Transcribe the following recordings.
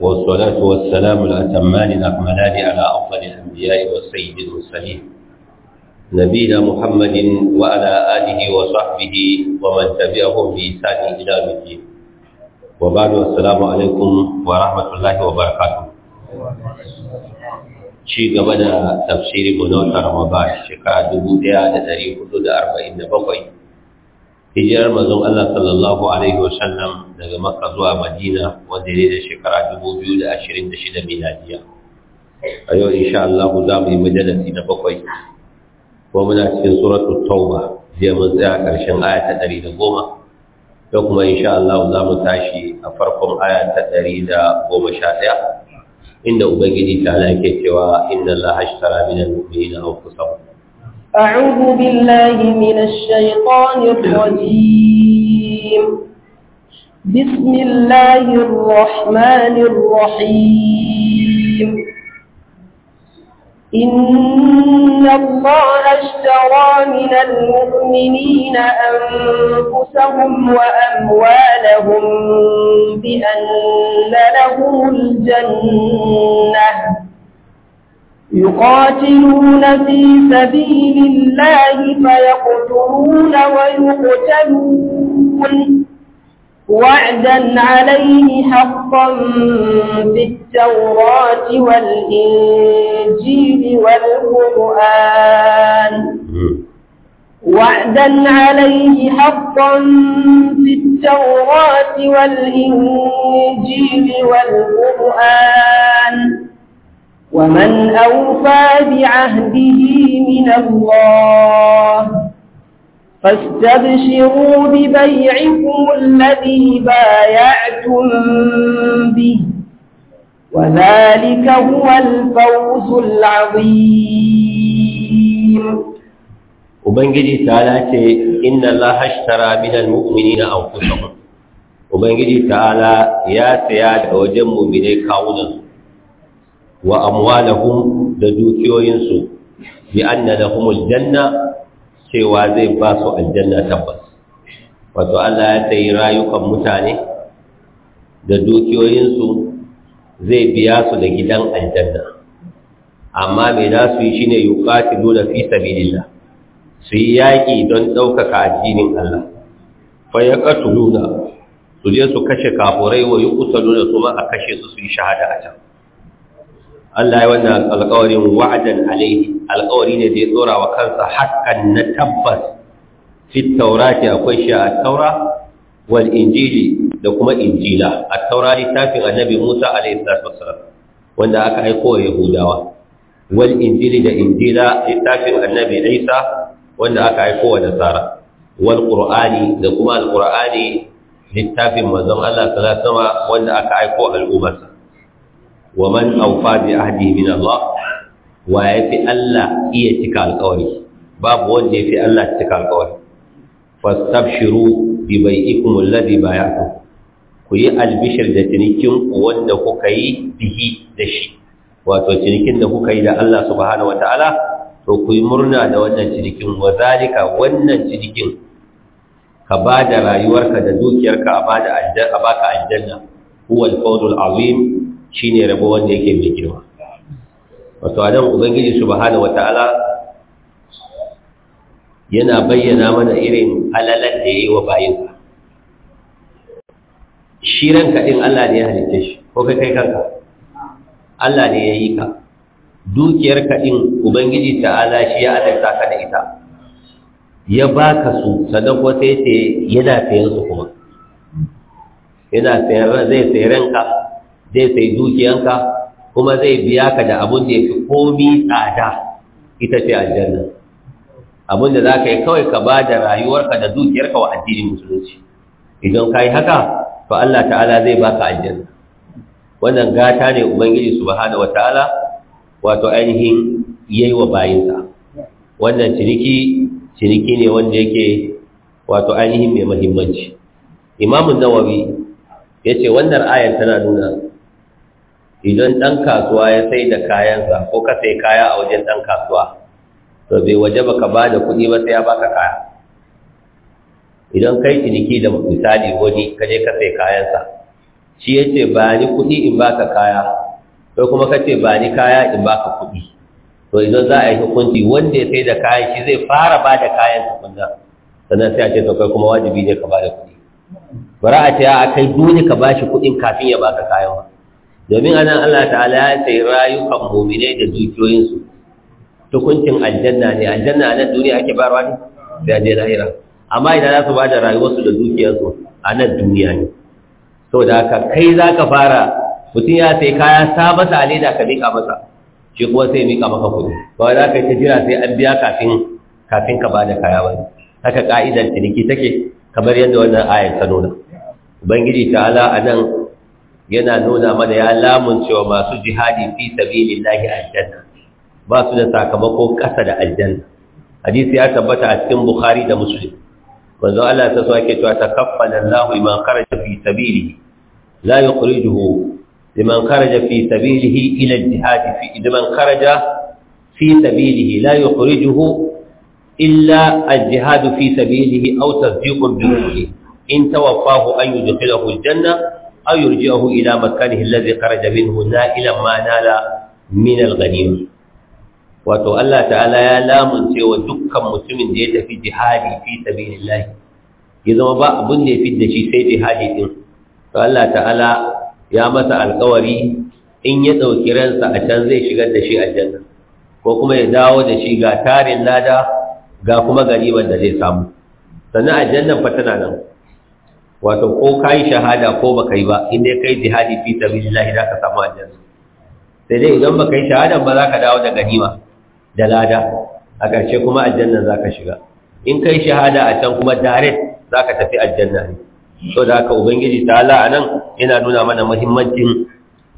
والصلاة والسلام الأتمان الأكملان على أفضل الأنبياء والسيد المرسلين نبينا محمد وعلى آله وصحبه ومن تبعهم بإحسان إلى الدين وبعد السلام عليكم ورحمة الله وبركاته ci gaba da tafsirin mu na watan Ramadan shekara 1447 hijirar manzon Allah sallallahu alaihi wasallam daga maka zuwa Madina wanda ya da shekara 2026 miladiya a yau insha Allah za mu yi majalasi na bakwai ko muna cikin suratu tauba je mun tsaya karshen aya ta goma. Ya kuma insha Allah za mu tashi a farkon aya ta ɗaya. inda ubangiji ta yake cewa inna Allah ashtara minal mu'minina anfusahum أعوذ بالله من الشيطان الرجيم بسم الله الرحمن الرحيم إن الله اشترى من المؤمنين أنفسهم وأموالهم بأن لهم الجنة يقاتلون في سبيل الله فيقتلون ويقتلون وعدا عليه حقا في التوراة والإنجيل والقرآن وعدا عليه حقا في التوراة والإنجيل والقرآن ومن أوفى بعهده من الله فاستبشروا ببيعكم الذي بايعتم به وذلك هو الفوز العظيم وبنجي تعالى إن الله اشترى من المؤمنين أنفسهم وبنجي تعالى يا سياد وجم من كونهم wa amwalahum da dukiyoyinsu bi anna lahum aljanna cewa zai ba su aljanna tabbas wato Allah ya tayi rayukan mutane da dukiyoyinsu zai biya su da gidan aljanna amma me za su yi shine yuqatilu da fi sabilillah su yi yaƙi don ɗaukaka addinin Allah fa yaqatuluna su je su kashe kafurai wa yuqtaluna kuma a kashe su su yi shahada a can Allah ya wannan alƙawarin wa'adan alaihi alƙawari ne da ya tsora wa kansa hakan na tabbas fi taurati akwai shi a taura wal injili da kuma injila a taura littafin annabi Musa alaihi salatu wasallam wanda aka aiko wa Yahudawa wal injili da injila littafin annabi Isa wanda aka aiko wa Nasara wal qur'ani da kuma al qur'ani littafin manzon Allah sallallahu alaihi wasallam wanda aka aiko al'ummarsa wa man awfa bi ahdihi min Allah wa ya fi Allah iya cika alƙawari babu wanda ya fi Allah cika alƙawari fastabshiru bi bai'ikum alladhi bay'atum ku yi albishir da cinikin wanda kuka yi bihi da shi wato cinikin da kuka yi da Allah subhanahu wataala to ku murna da wannan cinikin wa zalika wannan cinikin ka ba da rayuwarka da dukiyarka a bada aljanna a baka aljanna huwa al-fawzul Shi ne rabo wanda yake mai girma wato adam ubangiji su wa wataala yana bayyana mana irin alalan da ya yi wa bayinka. shi ranka din Allah ne ya halitta shi ko kai kai kanka Allah ne ya yi ka dukiyar kaɗin ubangiji ta'ala shi ya halitta ka da ita ya baka su sannan ko sai ce yana sayan su kuma yana sayan zai sayi ranka zai sai dukiyanka kuma zai biya ka da abun da ya fi komi tsada ita ce aljanna abun da za ka yi kawai ka ba da rayuwarka da dukiyarka wa addinin musulunci idan ka yi haka to Allah ta'ala zai baka aljanna wannan gata ne ubangiji subhanahu wataala wato ainihin yayi wa bayinsa wannan ciniki ciniki ne wanda yake wato ainihin mai muhimmanci imamu nawawi yace wannan ayar tana nuna idan ɗan kasuwa ya sai da kayansa ko ka sai kaya a wajen ɗan kasuwa to bai waje ba ka ba da kuɗi ba sai ya baka kaya idan kai ciniki da misali wani ka je ka sai kayansa shi ya ce ba ni kuɗi in baka kaya ko kuma ka ce ba ni kaya in baka kuɗi to idan za a yi hukunci wanda ya sai da kayan shi zai fara ba da kayan tukunna sannan sai a ce to kai kuma wajibi ne ka ba da kuɗi bara a ce a kai dole ka ba shi kuɗin kafin ya baka kayan ba domin a nan Allah ta'ala ya sai rayukan mu'minai da dukiyoyinsu tukuncin aljanna ne aljanna a nan duniya ake bayarwa ne da ne lahira amma idan za su ba da rayuwarsu da dukiyarsu a nan duniya ne Sau da haka kai za ka fara mutum ya sai kaya ta masa a leda ka mika masa shi kuma sai miƙa maka kudi ba za ka yi ta jira sai an biya kafin kafin ka ba da kaya ba haka ka'idar ciniki take kamar yadda wannan ayar ta nuna ubangiji ta'ala a nan yana nuna mana ya lamun cewa masu jihadi fi sabilillahi aljanna ba su da sakamako kasa da aljanna hadisi ya tabbata a cikin bukhari da muslim manzo Allah ta so yake cewa takaffala Allahu liman kharaja fi sabilihi la yukhrijuhu liman kharaja fi sabilihi ila al-jihad fi liman kharaja fi sabilihi la yukhrijuhu illa al-jihad fi sabilihi aw tasdiqun bi in tawaffahu an yudkhilahu al-janna aw yurji'uhu ila makanihi alladhi kharaja minhu na'ilan ma nala min al wato Allah ta'ala ya lamunce wa dukkan mutumin da ya tafi jihadi fi sabilillah ya zama ba abun da ya fidda shi sai jihadi din to Allah ta'ala ya masa alƙawari in ya dauki ransa a can zai shigar da shi aljanna ko kuma ya dawo da shi ga tarin lada ga kuma gariban da zai samu sannan aljannan fa tana nan wato ko ka yi shahada ko baka yi ba inda kai jihadi fi sabilillahi za ka samu aljanna sai dai idan baka yi shahada ba za ka dawo da ganima da lada a ƙarshe kuma aljanna za ka shiga in kai shahada a can kuma direct za ka tafi aljanna ne so da haka ubangiji ta a nan yana nuna mana muhimmancin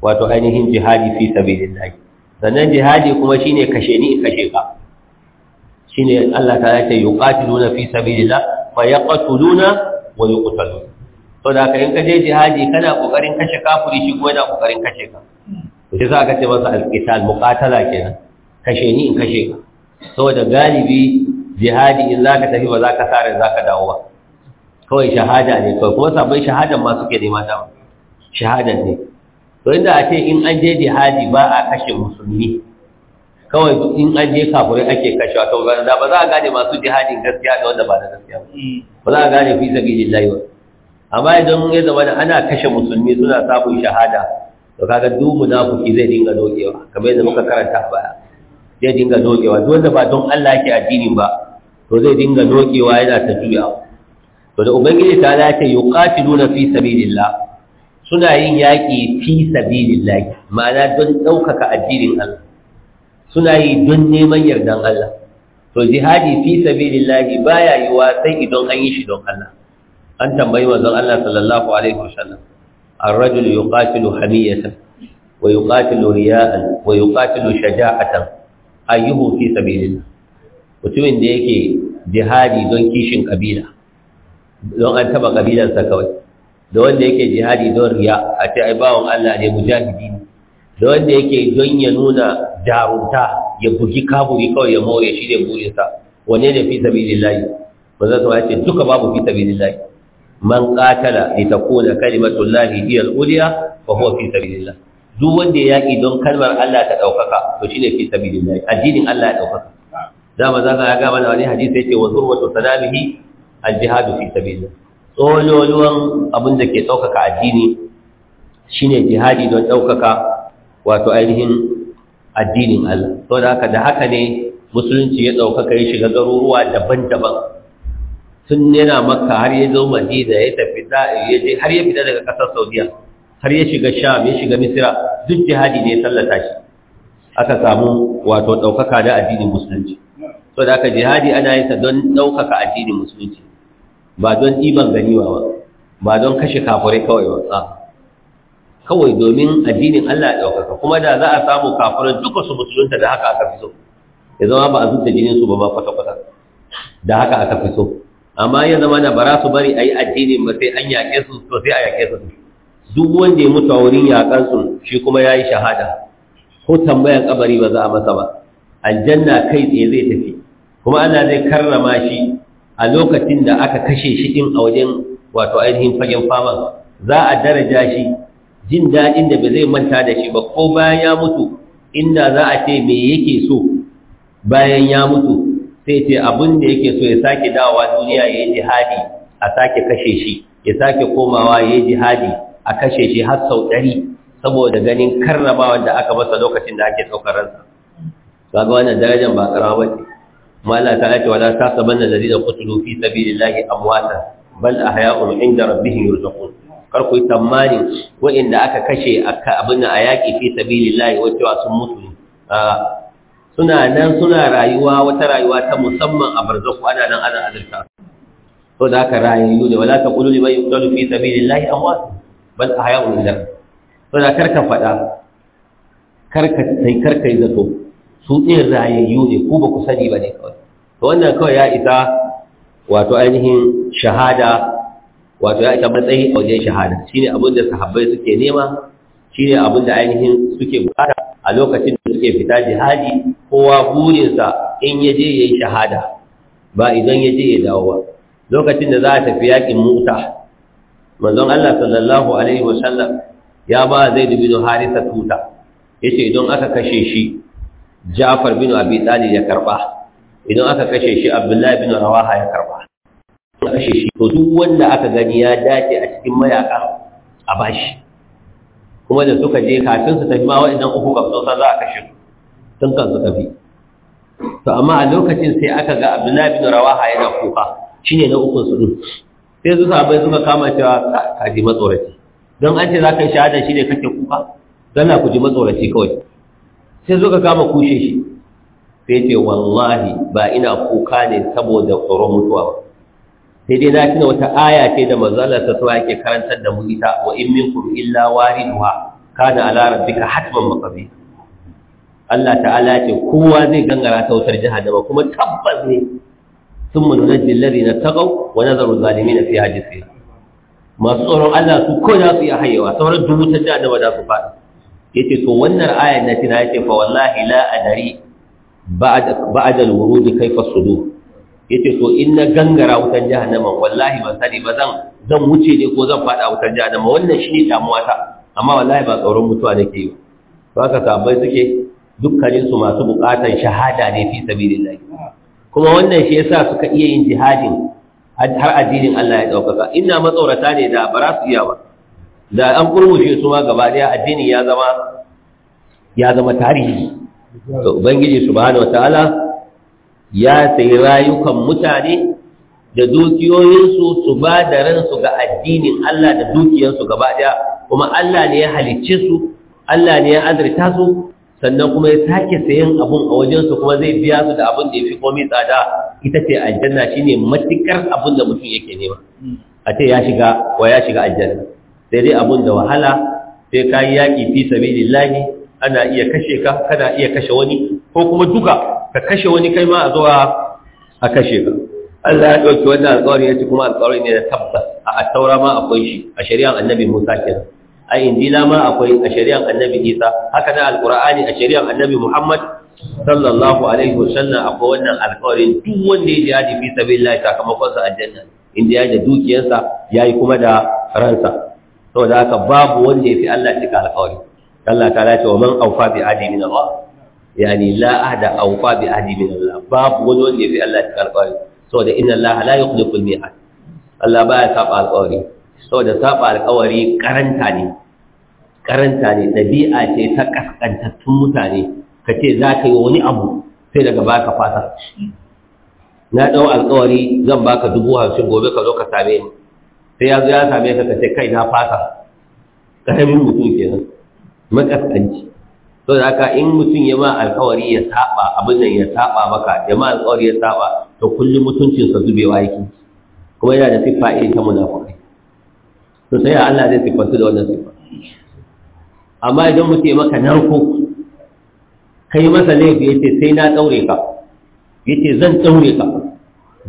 wato ainihin jihadi fi sabilillahi sannan jihadi kuma shine kashe ni kashe ka shine Allah ta yace yuqatiluna fi sabilillah fa yaqtuluna wa yuqtaluna to da ka in ka je jihadi kana kokarin kashe kafiri shi kuma yana kokarin kashe ka to sai za ka ce masa alqital muqatala kenan kashe ni in kashe ka saboda galibi jihadi in zaka tafi ba zaka sare zaka dawo ba kawai shahada ne kawai kuma sabon shahadan ma suke da mata shahadan ne to inda a ce in an je jihadi ba a kashe musulmi kawai in an je kafirai ake kashewa to da ba za a gane masu jihadin gaskiya da wanda ba da gaskiya mm. ba za a gane fi sabilillahi wa amma idan ya zama da ana kashe musulmi suna samun shahada to kaga duk munafiki zai dinga dogewa kamar yadda muka karanta a baya zai dinga dogewa duk wanda ba don Allah yake addini ba to zai dinga dogewa yana ta juya to da ubangiji ta Allah yake yuqatiluna fi sabilillah suna yin yaki fi sabilillah ma'ana don daukaka addinin Allah suna yi don neman yardan Allah to jihadi fi sabilillah baya yiwa sai idan an yi shi don Allah an tambayi manzon Allah sallallahu alaihi wasallam ar-rajul yuqatilu hamiyatan wa yuqatilu riya'an wa yuqatilu shaja'atan ayyuhu fi sabilillah mutumin da yake jihadi don kishin kabila don an taba sa kawai da wanda yake jihadi don riya a ce ai bawon Allah ne mujahidi da wanda yake don ya nuna jarunta ya bugi kaburi kawai ya more shi ne burinsa wane ne fi sabilillah manzon Allah ya ce duka babu fi sabilillah man qatala li takuna kalimatu llahi hiya al-ulya fa huwa fi sabilillah duk wanda ya yaki don kalmar Allah ta daukaka to shine fi sabilillah addinin Allah ya daukaka da maza ga ga mana wani hadisi yake wa zurwatu salamihi al-jihad fi sabilillah tsololuwan abin da ke daukaka addini shine jihadi don daukaka wato ainihin addinin Allah saboda haka da haka ne musulunci ya daukaka ya shiga garuruwa daban-daban tun yana makka har ya zo madina ya tafi ya je har ya fita daga ƙasar saudiya har ya shiga sham ya shiga misira duk jihadi ne ya tallata shi aka samu wato ɗaukaka da addinin musulunci so da aka jihadi ana yin ta don ɗaukaka addinin musulunci ba don ɗiban ganiwa ba ba don kashe kafure kawai ba kawai domin addinin Allah ya ɗaukaka kuma da za a samu kafirai duka su musulunta da haka aka fi so ya zama ba a zuta jinin su ba ma kwata-kwata da haka aka fi so amma ya zama da bara su bari a yi addinin ba sai an yaƙe su to sai a yaƙe su duk wanda ya mutu a wurin yaƙansu shi kuma ya yi shahada ko tambayan kabari ba za a masa ba aljanna kai tsaye zai tafi kuma ana zai karrama shi a lokacin da aka kashe shi din a wajen wato ainihin fagen fama za a daraja shi jin daɗin da ba zai manta da shi ba ko bayan ya mutu inda za a ce me yake so bayan ya mutu sai ce abin da yake so ya sake dawowa duniya ya yi jihadi a sake kashe shi ya sake komawa ya yi jihadi a kashe shi har sau ɗari saboda ganin karrabawa da aka masa lokacin da ake saukar ransa ba ga wannan darajar ba ƙarawa ba ce mala ta ake wala ta saban da lalina kutulu fi sabilillahi amwata bal ahya'un inda rabbihim ku. kar ku yi tsammanin wa'inda aka kashe abin a yaƙi fi lahi wacewa sun mutu suna nan suna rayuwa wata rayuwa ta musamman a barzaku ana nan ana azurta to da aka rayu ne wala li liman yuqtalu fi sabilillahi amwat bal ahya'un inda to da karka fada karka sai karka yi zato su din rayayyu ne ko ba ku sani ba ne kawai to wannan kawai ya isa wato ainihin shahada wato ya isa matsayi a wajen shahada shine abin da sahabbai suke nema shine abin da ainihin suke bukata a lokacin da suke fita jihadi kowa burinsa in ya je ya yi shahada ba idan ya je ya dawo ba lokacin da za a tafi yakin muta manzon Allah sallallahu alaihi wasallam ya ba zai dubi da harisa tuta yace idan aka kashe shi Ja'far bin Abi Talib ya karba idan aka kashe shi Abdullahi bin Rawaha ya karba kashe shi to duk wanda aka gani ya dace a cikin mayaka a bashi kuma da suka je kafin su tafi ma waɗannan uku kafin sa za a kashe su sun kan su tafi to amma a lokacin sai aka ga abdullahi bin rawaha yana kuka shine na ukun su din sai su sabai suka kama cewa ka ji matsoraci don an ce za ka yi shahada shi ne kake kuka na ku ji matsoraci kawai sai suka kama kushe shi sai ce wallahi ba ina kuka ne saboda tsoron mutuwa ba sai dai na tuna wata aya ce da mazalar ta suwa yake karantar da mu ita wa in minkum illa wariduha kana ala rabbika hatman maqdi Allah ta'ala ce kowa zai gangara ta wutar jahannama kuma tabbas ne sun mu nunajjin ladina tagaw wa nazaru zalimin fi hajisi masu tsoron Allah su ko za su yi hayewa sauran dubu ta jahannama za su faɗi yace to wannan ayar na tana yace fa wallahi la adari ba'da ba'da al-wurud kayfa sudur yace to in na gangara wutar jahannama wallahi ban sani ba zan zan wuce ne ko zan faɗa wutar jahannama wannan shine damuwa ta amma wallahi ba tsoron mutuwa nake yi ba haka sabai suke dukkaninsu masu bukatan shahada ne fi sabilillah kuma wannan shi yasa suka iya yin jihadin har addinin Allah ya ɗaukaka ina matsaurata ne da ba su iya ba da an kurmushe su ma gaba ɗaya addini ya zama ya zama tarihi to ubangiji subhanahu wataala ya sayi rayukan mutane da dukiyoyinsu su ba da ransu ga addinin Allah da dukiyarsu gaba ɗaya kuma Allah ne ya halicce su Allah ne ya azurta su sannan kuma ya sake sayan abun a wajensu kuma zai biya su da abin da ya fi komai tsada ita ce aljanna shine matukar abin da mutum yake nema a ce ya shiga wa ya shiga aljanna sai dai abun da wahala sai ka yi yaƙi fi sabilillahi ana iya kashe ka kana iya kashe wani ko kuma duka ka kashe wani kai ma a zuwa a kashe ka Allah ya ɗauki wannan alƙawari ya ce kuma alƙawari ne na tabbas a taura ma akwai shi a shari'ar annabi Musa kenan a injila ma akwai a shari'ar annabi isa haka na alkur'ani a shari'ar annabi muhammad sallallahu alaihi wasallam akwai wannan alkawarin duk wanda ya ji hadi fi sabilillah sakamakonsa aljanna inda ya ji dukiyarsa yayi kuma da ransa saboda haka babu wanda ya fi Allah cika alkawari Allah ta lati wa man awfa bi ahdi min Allah yani la ahda awfa bi ahdi min Allah babu wani wanda ya fi Allah cika alkawari saboda inna Allah la yukhliqu al-mi'ad Allah baya saba alkawari saboda saba alkawari karanta ne karanta ne ɗabi'a ce ta kaskantattun mutane ka ce za ka yi wani abu sai daga ba ka fata na ɗau alkawari zan ba ka dubu hamsin gobe ka zo ka same ni sai ya zo ya same ka ka ce kai na fata ƙaramin mutum nan makaskanci sau da haka in mutum ya ma alkawari ya saba abin nan ya saba maka ya ma alkawari ya saba to kullum mutuncinsa zubewa yake kuma yana da siffa irin ta munafukai to sai Allah zai sifantu da wannan sifa amma idan muke maka narko kai masa laifi yace sai na daure ka yace zan daure ka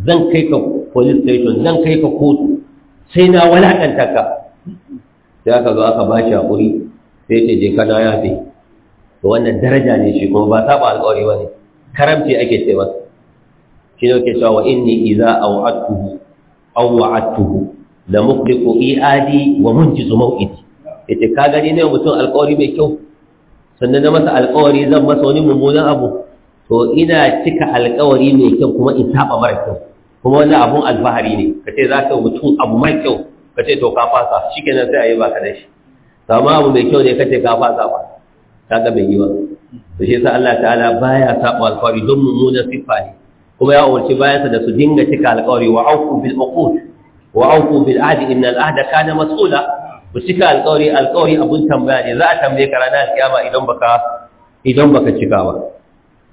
zan kai ka police station zan kai ka kotu sai na walakanta ka sai aka zo aka bashi hakuri sai ce je kana yafe to wannan daraja ne shi kuma ba saba alƙawari bane karamci ake ce masa shi ne ke cewa inni idza au'atuhu aw wa'atuhu da muqliqu iadi wa munjizu mawqiti ita? ka gani ne mutum alƙawari mai kyau sannan na masa alƙawari zan masa wani mummunan abu to ina cika alƙawari mai kyau kuma in saba mara kyau kuma wani abun alfahari ne kace za ka mutum abu mai kyau kace to ka fasa shikenan sai a yi baka da shi amma abu mai kyau ne kace ka fasa ba kaga bai yi ba to shi yasa Allah ta'ala baya saba alƙawari don mummunan siffa ne kuma ya umarci bayansa da su dinga cika alƙawari wa auku bil uqud wa auku bil ahadi inna al ka na mas'ula ku cika alƙawari abun tambaya ne za a tambaye ka ranar kiyama idan baka baka cika ba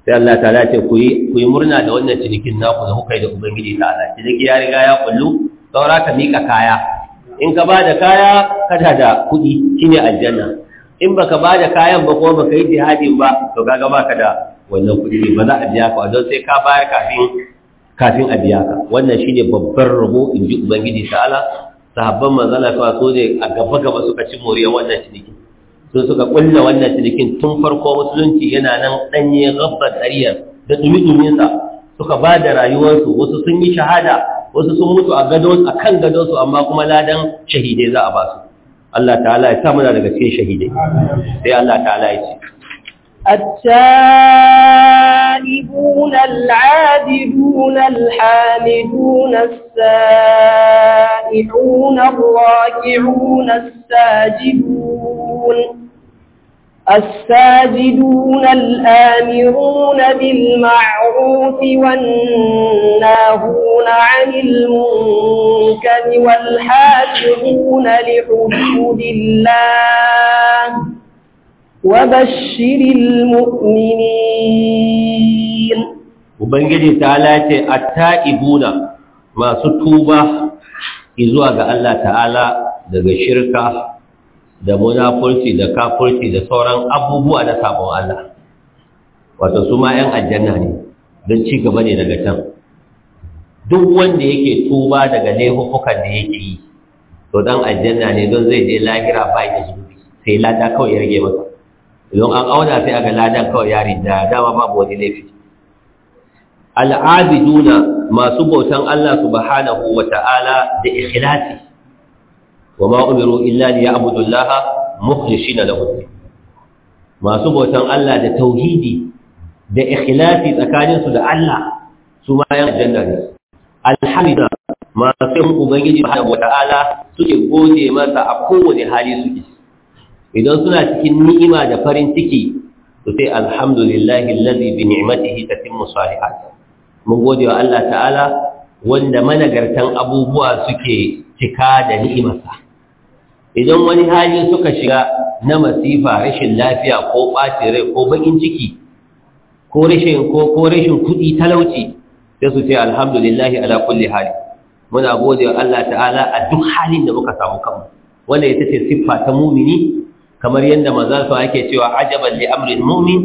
sai Allah Ta ce ku yi ku yi murna da wannan cinikin naku da kuka yi da ubangiji ta'ala ciniki ya riga ya kullu saura ka mika kaya in ka bada kaya kada da kuɗi shine aljanna in baka bada kayan ba kuma baka yi jihadin ba to kaga baka da wannan kuɗi ne ba za a biya ka don sai ka bayar kafin kafin a biya ka wannan shine babbar rabo in ji ubangiji ta'ala sahabban manzala ta so ne a gaba gaba suka ci moriyar wannan cinikin suka kulla wannan cinikin tun farko musulunci yana nan danye gabbar tsariyar da dumi suka ba da rayuwarsu wasu sun yi shahada wasu sun mutu a gado a kan gadonsu amma kuma ladan shahidai za a ba su Allah ta'ala ya sa muna daga cikin shahidai sai Allah ta'ala ya ce التائبون العابدون الحامدون السائحون الراكعون الساجدون الساجدون الآمرون بالمعروف والناهون عن المنكر والحافظون لحدود الله وبشر المؤمنين وبنجي تعالى التائبون ما tuba izuwa ga Allah ta'ala daga shirka da munafurci da kafurci da sauran abubuwa na sabon Allah wato su ma 'yan aljanna ne don ci gaba ne daga can duk wanda yake tuba daga laifukan da yake yi to dan aljanna ne don zai je lahira bai da zubi sai lada kawai ya rage masa idan an auna sai aga ladan kawai yarin da dama babu wani laifi al'abiduna masu bautan Allah subhanahu wa ta'ala da ikhlasi wa ma umiru illa li ya'budu Allah mukhlishina lahu masu bautan Allah da tauhidi da ikhlasi tsakanin su da Allah su ma yan janna ne alhamida masu ubangiji subhanahu wa ta'ala suke gode masa a kowane hali suke idan suna cikin ni'ima da farin ciki su sai alhamdulillahi allazi bi ni'matihi tatimmu salihat mun gode wa Allah ta'ala wanda managartan abubuwa suke cika da ni'imarsa idan wani hali suka shiga na masifa rashin lafiya ko ɓaci rai ko bakin ciki ko rashin ko ko rashin kuɗi talauci sai su ce alhamdulillahi ala kulli hali muna gode wa Allah ta'ala a duk halin da muka samu kanmu wanda ita ce siffa ta mumini kamar yadda maza su ake cewa ajaban li amrin mu'min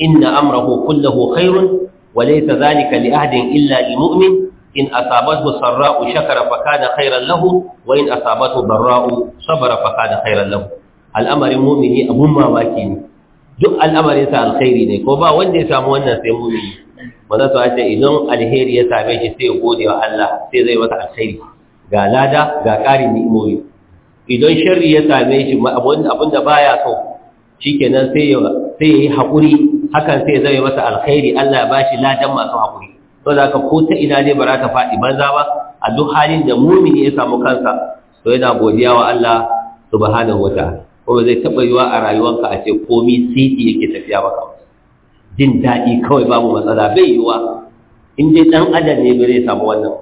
inna amrahu kullahu khairun wa laysa dhalika li ahadin illa lil mu'min in asabathu sarra'u shakara fa kana khairan lahu wa in asabathu darra'u sabara fa kana khairan lahu al'amarin mu'mini abun mamaki ne duk al'amarin sa alkhairi ne ko ba wanda ya samu wannan sai mu'mini maza su ce idan alheri ya same shi sai ya gode wa Allah sai zai masa alkhairi ga lada ga ƙarin ni'imomi idan sharri ya same shi abin da baya so kenan sai ya yi hakuri, hakan sai zai masa alkhairi Allah ya bashi ladan masu hakuri. to da ka ko ta ina dai bara ta faɗi banza ba a duk halin da mumini ya samu kansa to yana godiya wa Allah subhanahu wataala kuma zai taɓa yiwa a rayuwarka a ce komi siti yake tafiya maka jin daɗi kawai babu matsala bai yiwa in dai ɗan adam ne bai zai samu wannan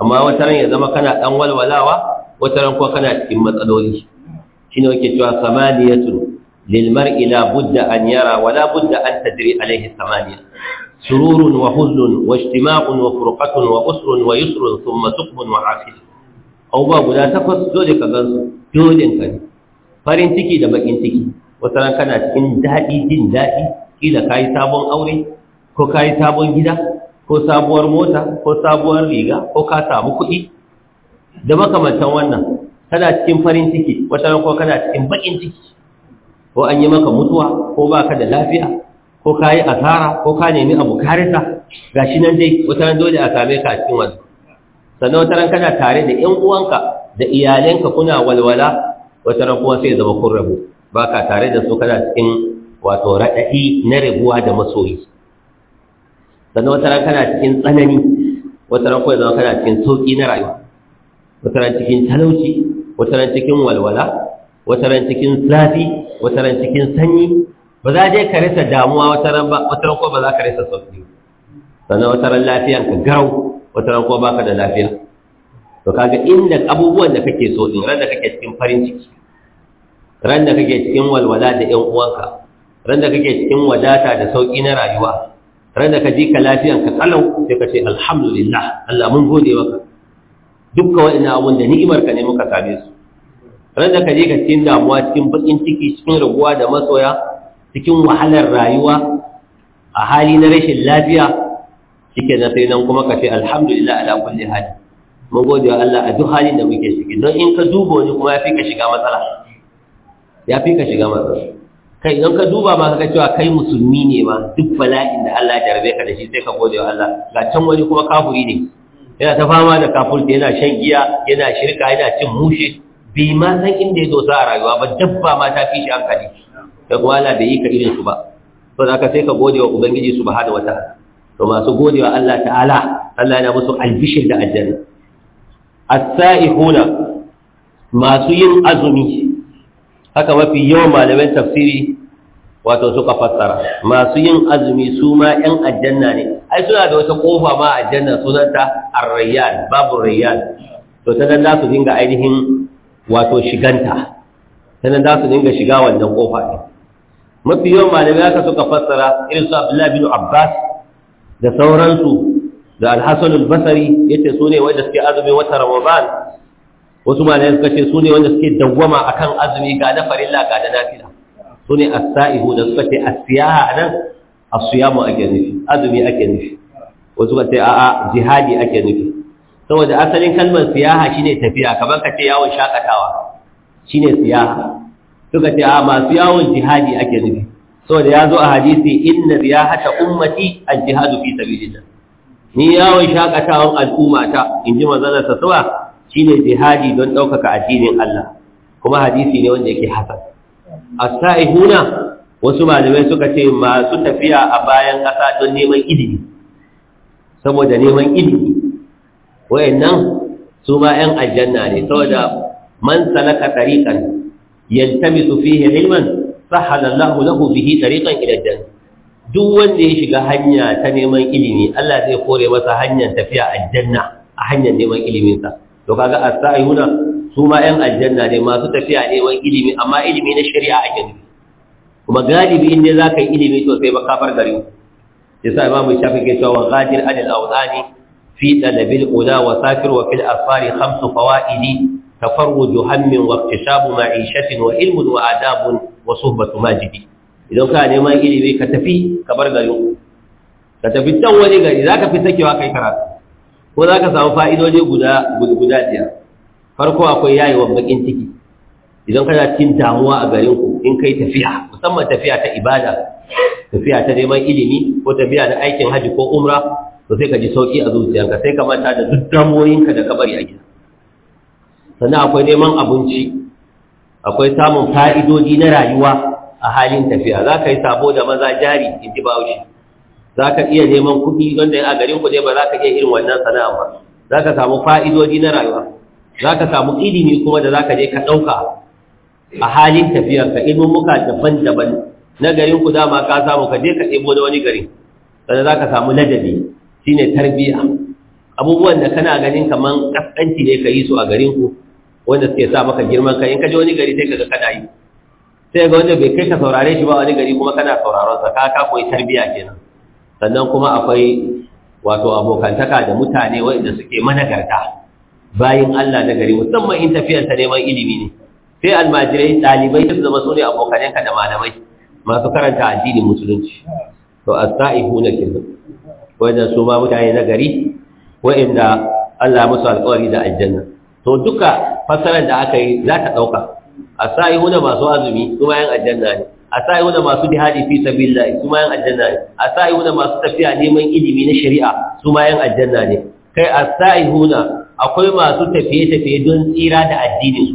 amma wata ran ya zama kana ɗan walwalawa wata ran kuwa kana cikin matsaloli shine wake cewa samaniyatun lil ila budda an yara wala budda an tadri alaihi samaniya sururun wa huznun wa ijtima'un wa furqatun wa usrun wa yusrun thumma wa afil abubuwa guda takwas dole ka gan su dole ka ne farin ciki da bakin ciki wata ran kana cikin daɗi jin daɗi kila ka yi sabon aure ko ka yi sabon gida ko sabuwar mota ko sabuwar riga ko ka samu kuɗi da makamantan wannan kana cikin farin ciki wata ran ko kana cikin bakin ciki ko an yi maka mutuwa ko baka da lafiya ko ka yi asara ko ka nemi abu karisa gashi nan dai wata ran dole a same ka a cikin wannan sannan wata ran kana tare da 'yan uwanka da iyalanka kuna walwala wata ran kuma sai zama kun rabu baka tare da su kana cikin wato raɗaɗi na rabuwa da masoyi sannan wata ran kana cikin tsanani wata ran kuma zama kana cikin sauƙi na rayuwa wata ran cikin talauci wata ran cikin walwala wata ran cikin zafi wata ran cikin sanyi ba za je ka rasa damuwa wata ran ba wata ran ko ba za ka rasa sauki sannan wata ran lafiyan ka garau wata ran ko baka da lafiya to kaga inda abubuwan da kake so din ran da kake cikin farin ciki ran da kake cikin walwala da 'yan uwanka ran da kake cikin wadata da sauki na rayuwa ran da ka ji ka lafiyan ka kalau sai ka ce alhamdulillah Allah mun gode maka dukkan wa'annan abun da ni'imar ka ne muka same su ran da ka je ka cikin damuwa cikin bakin ciki cikin raguwa da masoya cikin wahalar rayuwa a hali na rashin lafiya shike na sai nan kuma ka ce alhamdulillah ala kulli hali mun gode wa Allah a duk halin da muke ciki don in ka duba wani kuma ya fi ka shiga matsala ya fi ka shiga matsala kai don ka duba ma ka cewa kai musulmi ne ma duk bala'in da Allah ya jarabe ka da shi sai ka gode wa Allah ga can wani kuma kafiri ne yana ta fama da kafurta yana shan giya yana shirka yana cin mushe bi ma san inda ya sa a rayuwa ba dabba ma ta fi shi hankali ta gwala bai yi ka irin su ba to da ka sai ka gode wa ubangiji subhanahu wata. to masu gode wa Allah ta'ala Allah yana musu albishir da aljanna as-sa'ihuna masu yin azumi haka mafi yawan malaman tafsiri wato suka fassara masu yin azumi su ma ƴan aljanna ne ai suna da wata kofa ma aljanna sunanta ar-rayyan babu rayyan to ta nan za su dinga ainihin wato shiganta ta nan za su dinga shiga wannan kofa ne mafi yawan malamai haka suka fassara irin su Abdullahi bin Abbas da sauransu da Al-Hasan al-Basri yace su ne wanda suke azumi wata Ramadan wasu malamai suka ce su ne wanda suke dawwama akan azumi ga na farilla ga na nafila su ne asa'ihu da suka ce asiyaha a nan asiyamu ake nufi azumi ake nufi wasu suka ce a'a jihadi ake nufi saboda asalin kalmar siyaha shine tafiya kamar ka ce yawon shakatawa shine siyaha suka ce a masu yawon jihadi ake nufi saboda ya zo a hadisi inna riyahata ummati al-jihadu fi sabilillah ni yawon shakatawan al'ummata ji manzon sa sawa shine jihadi don daukaka addinin Allah kuma hadisi ne wanda yake hasan asaihuna wasu malamai suka ce masu tafiya a bayan ƙasa don neman ilimi saboda neman ilimi wayannan su ma 'yan aljanna ne saboda man salaka tariqan yantamisu fihi ilman sahala Allahu lahu bihi tariqan ila jannah duk wanda ya shiga hanya ta neman ilimi Allah zai kore masa hanyar tafiya aljanna a hanyar neman iliminsa to kaga asaihuna su ma ‘yan aljanna ne masu tafiya neman ilimi amma ilimi na shari'a ake nufi kuma galibi inda za ka yi ilimi sosai ba kafar gari ya sa imamu shafi ke cewa ghadir adil auzani fi talabil ula wa safir wa fil asfari khamsu fawaidi tafarruju hammin wa iktishabu ma'ishatin wa ilmun wa adabun wa suhbatu majidi idan ka neman ilimi ka tafi ka bar gari ka tafi can wani gari za ka fi sakewa kai karatu ko za ka samu fa'idoji guda guda biyar farko akwai wa bakin ciki idan kana cikin damuwa a garin ku in kai tafiya musamman tafiya ta ibada tafiya ta neman ilimi ko tafiya na aikin haji ko umra to sai ka ji sauki a zuciyarka sai ka manta da duk damuwoyinka da kabari a gida sannan akwai neman abinci akwai samun fa'idoji na rayuwa a halin tafiya za ka yi sabo da maza jari in ji bahaushe za ka iya neman kuɗi wanda a garin ku ne ba za ka iya irin wannan sana'a ba za ka samu fa'idoji na rayuwa za ka samu ilimi kuma da za ka je ka ɗauka a halin tafiyarka muka daban-daban na garin ku dama ka samu ka je ka ɗebo da wani gari sannan za ka samu ladabi shi ne tarbiyya abubuwan da kana ganin kamar ƙasƙanci ne ka yi su a garin ku wanda suke sa maka girman ka in ka je wani gari sai ka ga kana yi sai ga wanda bai kai ka saurare shi ba wani gari kuma kana sauraron sa ka ka koyi tarbiyya kenan sannan kuma akwai wato abokantaka da mutane waɗanda suke managarta bayin Allah na gari musamman in tafiyarsa neman ilimi ne sai almajirai ɗalibai su zama sune abokanenka da malamai masu karanta addinin musulunci to as-sa'ihu na kin wanda su ma mutane na gari wa'inda Allah musu alƙawari da aljanna to duka fasarar da aka yi za ta ɗauka as-sa'ihu na masu azumi su ma yan aljanna ne as-sa'ihu na masu jihadi fi sabilillah su ma yan aljanna ne as na masu tafiya neman ilimi na shari'a su ma aljanna ne kai as-sa'ihu na akwai masu tafiye-tafiye don tsira da addinin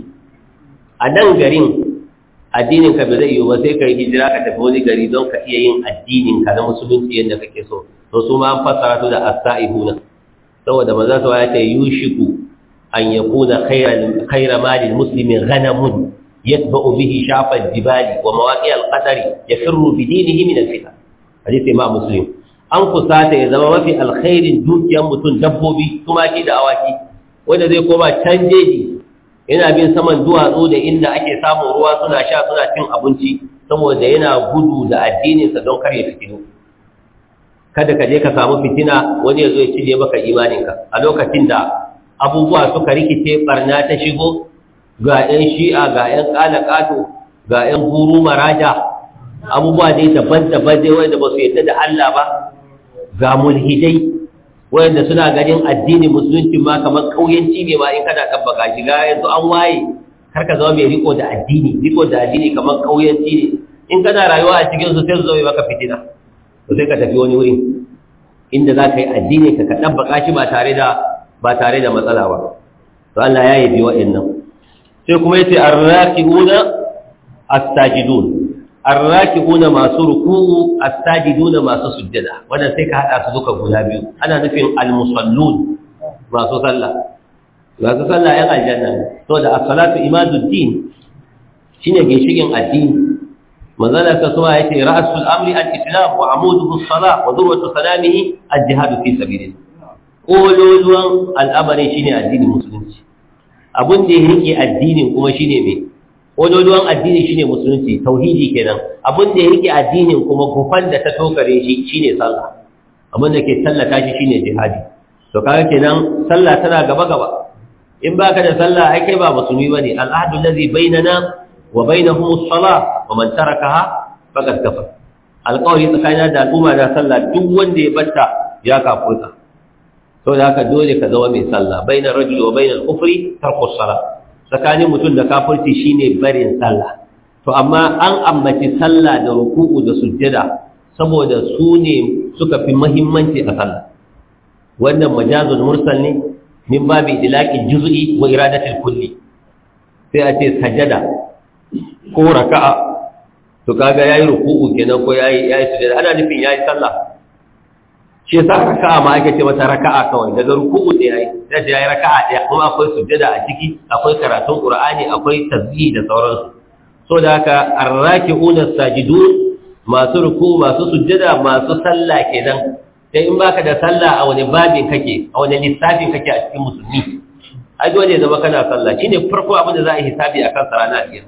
a nan garin addinin ka bai zai yiwu ba sai ka yi hijira ka tafi wani gari don ka iya yin addinin ka na musulunci yadda kake so to su ma an su da as-sa'ihuna saboda maza su ya ce yushiku an yakuna khayran khayra malil muslimin ghanamun yadda bihi shafa al wa mawaqi' al-qadari yafirru bi dinihi min al-fitan ma muslim an kusa ta ya zama mafi alkhairin dukiyar mutum dabbobi tumaki da awaki wanda zai koma can jeji yana bin saman duwatsu da inda ake samun ruwa suna sha suna cin abinci saboda yana gudu da addininsa don karya fitinu kada ka je ka samu fitina wani ya zo ya cije maka imaninka a lokacin da abubuwa suka rikice barna ta shigo ga 'yan shi'a ga 'yan ƙalaƙato ga 'yan guru maraja abubuwa dai daban-daban dai wanda ba su yadda da Allah ba ga mulhidai wayanda suna ganin addini musulunci ma kamar kauyanci ne ba in kana tabbaka shiga yanzu an waye kar ka zama mai riko da addini riko da addini kamar kauyanci ne in kana rayuwa a cikin su sai su zama maka fitina to sai ka tafi wani wuri inda za ka yi addini ka ka tabbaka shi ba tare da ba tare da matsala ba to Allah ya yi bi wa'annan sai kuma yace arraqiuna as-sajidun arrakihuna masu ruku'u as-sajiduna masu sujjada wannan sai ka hada su duka guda biyu ana nufin al-musallun masu sallah masu sallah yan aljanna to da as-salatu imaduddin shine ginshigin addini manzala ta kuma yace ra'sul amri al-islam wa amuduhu as-salah wa dhurwatu salamihi al-jihad fi sabilillah kololuwan al'amarin shine addinin musulunci abun da ya rike addinin kuma shine mai wajojin addini shine musulunci tauhidi kenan abin da ya rike addinin kuma gufan da ta tokare shi shine sallah abin da ke tallata shi shine jihadi to kaga kenan sallah tana gaba gaba in baka da sallah ai kai ba musulmi bane al'ahdu allazi bainana wa bainahum as-salah wa man tarakaha faqad kafar alƙawari tsakanin da al'umma na sallah duk wanda ya batta ya kafurta sau da haka dole ka zama mai sallah bainar rajuli wa bainar kufri tarkus salah tsakanin mutum da kafirci shine barin sallah to amma an ambaci sallah da ruku'u da sujjada saboda su ne suka fi mahimmanci a sallah wannan majazul mursal ne min babi idlaqil juz'i wa iradatil kulli sai a ce sajada ko raka'a to kaga yayi ruku'u kenan ko yayi yayi sujjada ana nufin yayi sallah shi yasa raka'a ma ake ce mata raka'a kawai daga ruku'u da yayi da yayi raka'a ɗaya kuma akwai sujjada a ciki akwai karatun qur'ani akwai tasbihi da sauransu so da haka arraki'una sajidun masu ruku masu sujjada masu sallah kenan sai in baka da sallah a wani babin kake a wani lissafin kake a cikin musulmi ai dole zama kana sallah shine farko abin da za a yi hisabi akan sarana a cikin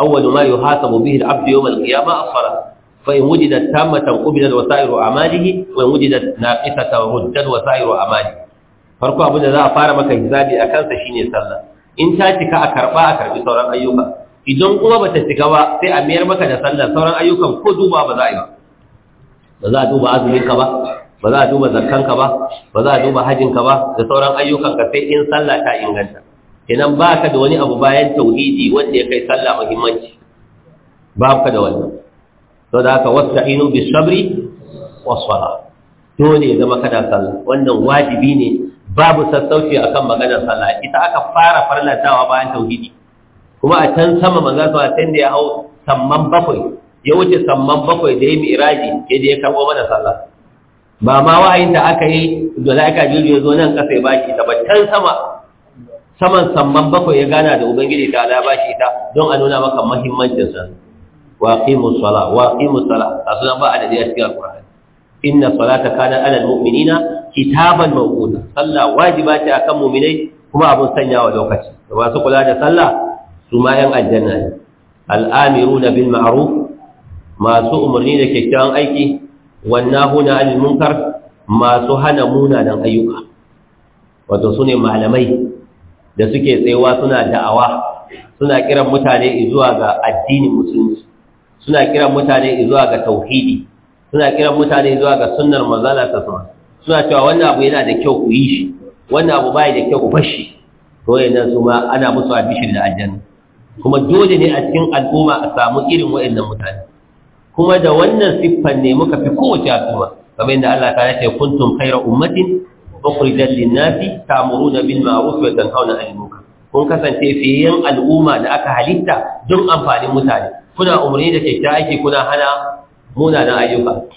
awwalu ma yuhasabu bihi al-abdu yawm al-qiyamah as-salah fa in wujidat tammatan qubidat wasairu amalihi wa in wujidat naqisatan ruddat wasairu amalihi farko abin da za a fara maka hisabi a kansa shine sallah in ta cika a karba a karbi sauran ayyuka idan kuma bata cika ba sai a mayar maka da sallah sauran ayyukan ko duba ba za a yi ba ba za a duba azumin ka ba ba za a duba zakkan ka ba ba za a duba hajjin ka ba da sauran ayyukanka sai in sallah ta inganta idan ba ka da wani abu bayan tauhidi wanda ya kai sallah muhimmanci ba ka da wannan to da haka wasta'inu bis sabri was sala dole ya zama kana sallah wannan wajibi ne babu sassauci akan maganar sallah ita aka fara farlantawa bayan tauhidi kuma a can sama manzo sa sai da ya hau samman bakwai ya wuce samman bakwai da ya miraji ke da ya karbo mana sallah ba ma wa'ayin da aka yi da laika jirgi ya zo nan kasa ya bashi ta ba can sama saman samman bakwai ya gana da ubangiji ta ala bashi ta don a nuna maka muhimmancin sa wa aqimu sala wa asu nan ba a cikin alqur'ani inna salata kana ala almu'minina kitaban mawquta sallah wajiba ce akan mu'minai kuma abun sanyawa lokaci da masu kula da sallah su ma yan aljanna ne al'amiruna bil ma'ruf masu umarni da kyakkyawan aiki wannahuna 'anil munkar masu hana munanan ayyuka wato sune malamai da suke tsayawa suna da'awa suna kiran mutane zuwa ga addinin musulunci suna kiran mutane zuwa ga tauhidi suna kiran mutane zuwa ga sunnar manzala ta sama suna cewa wannan abu yana da kyau ku yi shi wannan abu bai da kyau ku bar shi to yanzu su ma ana musu abishir da aljanna kuma dole ne a cikin al'umma a samu irin waɗannan mutane kuma da wannan siffan ne muka fi kowace al'umma kamar yadda Allah ta yace kuntum khayra ummatin ukhrijat lin-nasi ta'muruna bil ma'ruf wa tanhauna 'anil kun kasance fiyen al'umma da aka halitta don amfanin mutane kuna umarni da kyakkyawa aiki kuna hana munanan ayyuka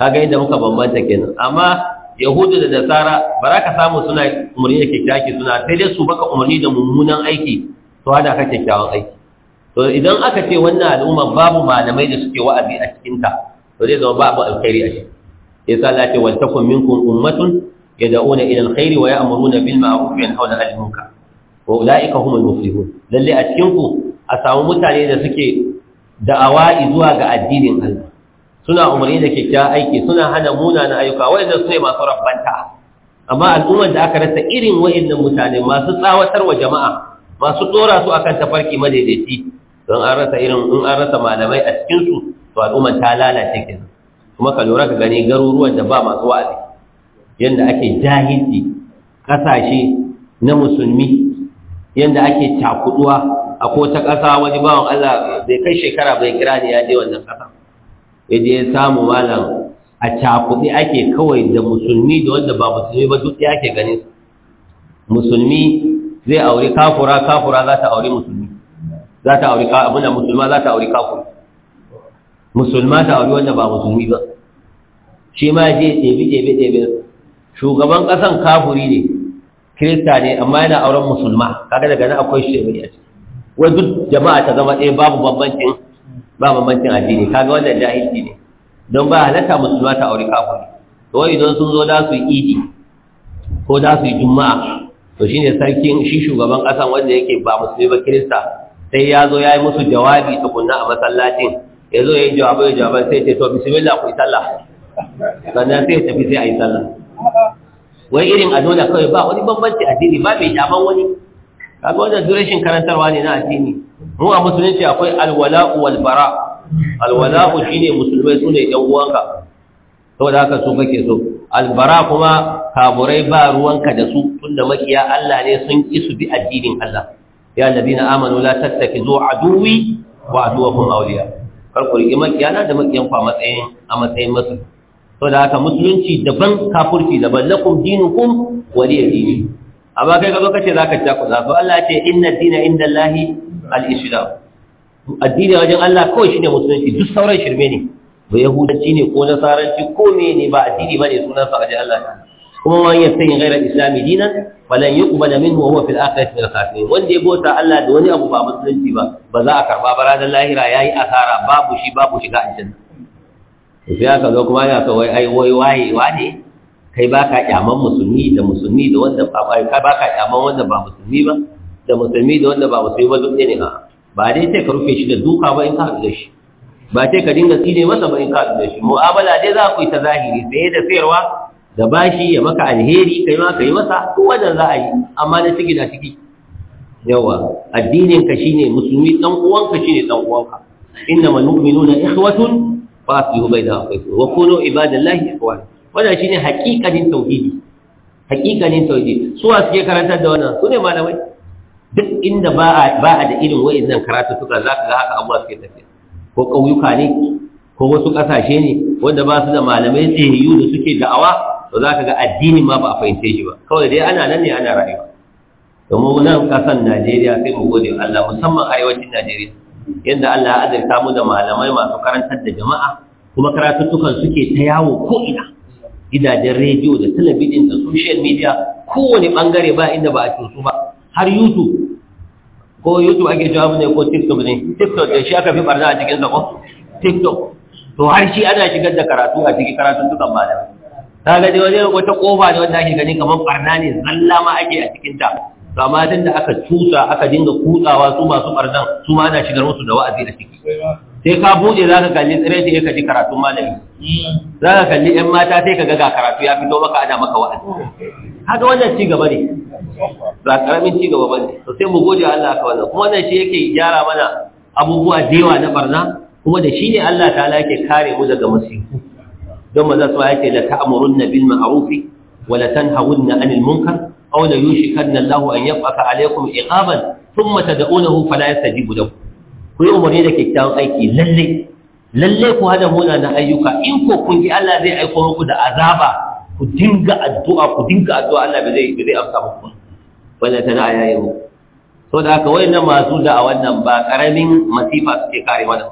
kaga yadda muka bambanta kenan amma yahudu da nasara ba za ka samu suna umarni da kyakkyawa aiki suna sai dai su baka umarni da mummunan aiki to hada ka kyakkyawan aiki to idan aka ce wannan al'umma babu malamai da suke wa'azi a cikin ta to zai zama babu alkhairi a shi yasa Allah ya ce wal takum minkum ummatun yad'una ila alkhairi wa ya'muruna bil ma'ruf wa yanhauna 'anil munkar wa ulaika humul muflihun lalle a cikin ku a samu mutane da suke da'awa zuwa ga addinin Allah suna umarni da kyakkyawan aiki suna hana na ayyuka wanda su ne masu rabbanta amma al'ummar da aka rasa irin wa'annan mutane masu tsawatar wa jama'a masu dora su akan tafarki madaidaici don an rasa irin in an rasa malamai a cikin su to al'ummar ta lalace kenan kuma ka lura ka gani garuruwan da ba masu wa'azi yanda ake jahilci kasashe na musulmi yanda ake cakuduwa a ko ta ƙasa wani bawan Allah bai kai shekara bai kira ni ya je wannan ƙasa ya je ya samu malam a cakuɗi ake kawai da musulmi da wanda ba musulmi ba duk ya ke ganin musulmi zai auri kafura kafura za ta auri musulmi za ta auri abinda musulma za ta auri kafura musulma ta auri wanda ba musulmi ba shi ma je ɗebi-ɗebi-ɗebi ɗebe shugaban ƙasan kafuri ne kirista ne amma yana auren musulma kaga daga nan akwai sheburi a wai duk jama'a ta zama ɗaya babu bambancin ba bambancin addini kaga wannan jahilci ne don ba halatta musulma ta aure kafiri to wai idan sun zo da su yi idi ko da su yi juma'a to shine sarkin shi shugaban ƙasan wanda yake ba musulmi ba kirista sai ya zo ya yi musu jawabi tukunna a masallacin ya zo ya yi jawabai jawabai sai ce to bismillah ku yi sallah sannan sai ya tafi sai a yi sallah wai irin a nuna kawai ba wani bambanci addini ba mai daman wani kaga wannan rashin karantarwa ne na addini mu a musulunci akwai alwala'u wal bara shi ne musulmai ne yan uwanka da haka su kake so albara kuma kaburai ba ruwanka da su da makiya Allah ne sun ki su bi addinin Allah ya alladina amanu la tattakizu aduwi wa aduwakum auliya kar ku rigi makiya na da makiyan ku a matsayin a matsayin masu to da haka musulunci daban kafurci daban lakum dinukum waliya dini amma kai gaba kace zaka ta kuza to Allah ya ce inna dina inda Allahi al-islam addini wajen Allah kawai shine musulunci duk sauran shirme ne ba yahudanci ne ko nasaranci ko ne ba addini bane sunan sa wajen Allah ta kuma man yastayin ghayra al-islam dinan falan yuqbala minhu wa huwa fil akhirati min al-khasirin wanda ya bota Allah da wani abu ba musulunci ba ba za a karba ba ranar lahira yayi asara babu shi babu shiga aljanna sai aka zo kuma ya so wai wai wayewa ne kai ba ka kyaman musulmi da musulmi da wanda ba kai ba ka kyaman wanda ba musulmi ba da musulmi da wanda ba musulmi ba duk ne ha ba dai sai ka rufe shi da duka ba in ka haɗu da shi ba sai ka dinga tsine masa ba in ka haɗu da shi mu'amala dai za ku yi ta zahiri sai da sayarwa da bashi ya maka alheri kai ma kai masa duk wanda za a yi amma na ciki na ciki yawa addinin ka shine musulmi dan uwanka shine dan uwanka innamal mu'minuna ikhwatun Ba su bai da akwai wa kunu ibadallahi ikwan wannan shine haƙiƙanin tauhidi haƙiƙanin tauhidi su wa suke karantar da wannan su ne malamai duk inda ba a da irin wa'annan karatu suka zaka ga haka abuwa suke tafiya ko ƙauyuka ne ko wasu ƙasashe ne wanda ba su da malamai tsayayyu da suke da'awa to zaka ga addini ma ba a fahimce shi ba kawai dai ana nan ne ana rayuwa domin nan kasan najeriya sai mu gode allah musamman arewacin najeriya yadda Allah ya azurta mu da malamai masu karantar da jama'a kuma karatuttukan suke ta yawo ko'ina. ina gidajen rediyo da talabijin da social media kowane bangare ba inda ba a cutu ba har youtube ko youtube ake jawabu ne ko tiktok ne tiktok da shi aka fi barna a cikin zakon tiktok to har shi ana shigar da karatu a cikin karatuttukan malamai ta ga dai wani wata kofa ne wanda ake gani kamar barna ne zallama ake a cikin ta amma da aka cusa aka dinga kutsawa su masu bardan su ma ana shigar musu da wa'azi da ciki sai ka buɗe za ka kalli tsirrai sai ka ji karatun malami za ka kalli 'yan mata sai ka gaga karatu ya fito maka ana maka wa'azi haka wannan ci gaba ne ba karamin ci gaba bane to sai mu gode Allah aka wannan kuma wannan shi yake gyara mana abubuwa da yawa na barna kuma da shi ne Allah ta ala yake kare mu daga musibu don maza su yake la ta'murunna bil ma'ruf wa la tanhawunna 'anil munkar aw la yushikanna Allahu an yafaka alaikum iqaban thumma tad'unahu fala yastajibu lahu ku yi umarni da kyakkyawan aiki lalle lalle ku hada na ayyuka in ko kun ji Allah zai aiko muku da azaba ku dinga addu'a ku dinga addu'a Allah ba zai zai amsa muku wala tana ayayin saboda haka wayannan masu da a wannan ba karamin masifa suke kare mana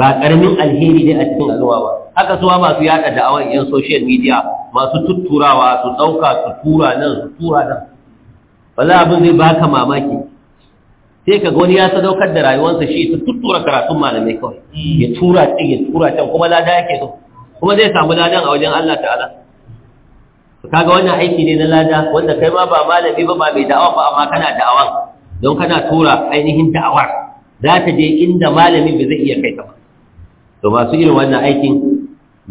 ba karamin alheri ne a cikin al'umma ba haka suwa masu yada da'awar yan social media masu tutturawa su ɗauka su tura nan su tura nan wala abin zai baka mamaki sai ka wani ya sadaukar da rayuwarsa shi su tuttura karatun malamai kawai ya tura can ya tura can kuma lada yake so kuma zai samu ladan a wajen Allah ta'ala kaga wannan aiki ne na lada wanda kai ma ba malami ba ba mai da'awa ba amma kana da'awa don kana tura ainihin da'awar za ta je inda malamin ba zai iya kai ta ba to masu irin wannan aikin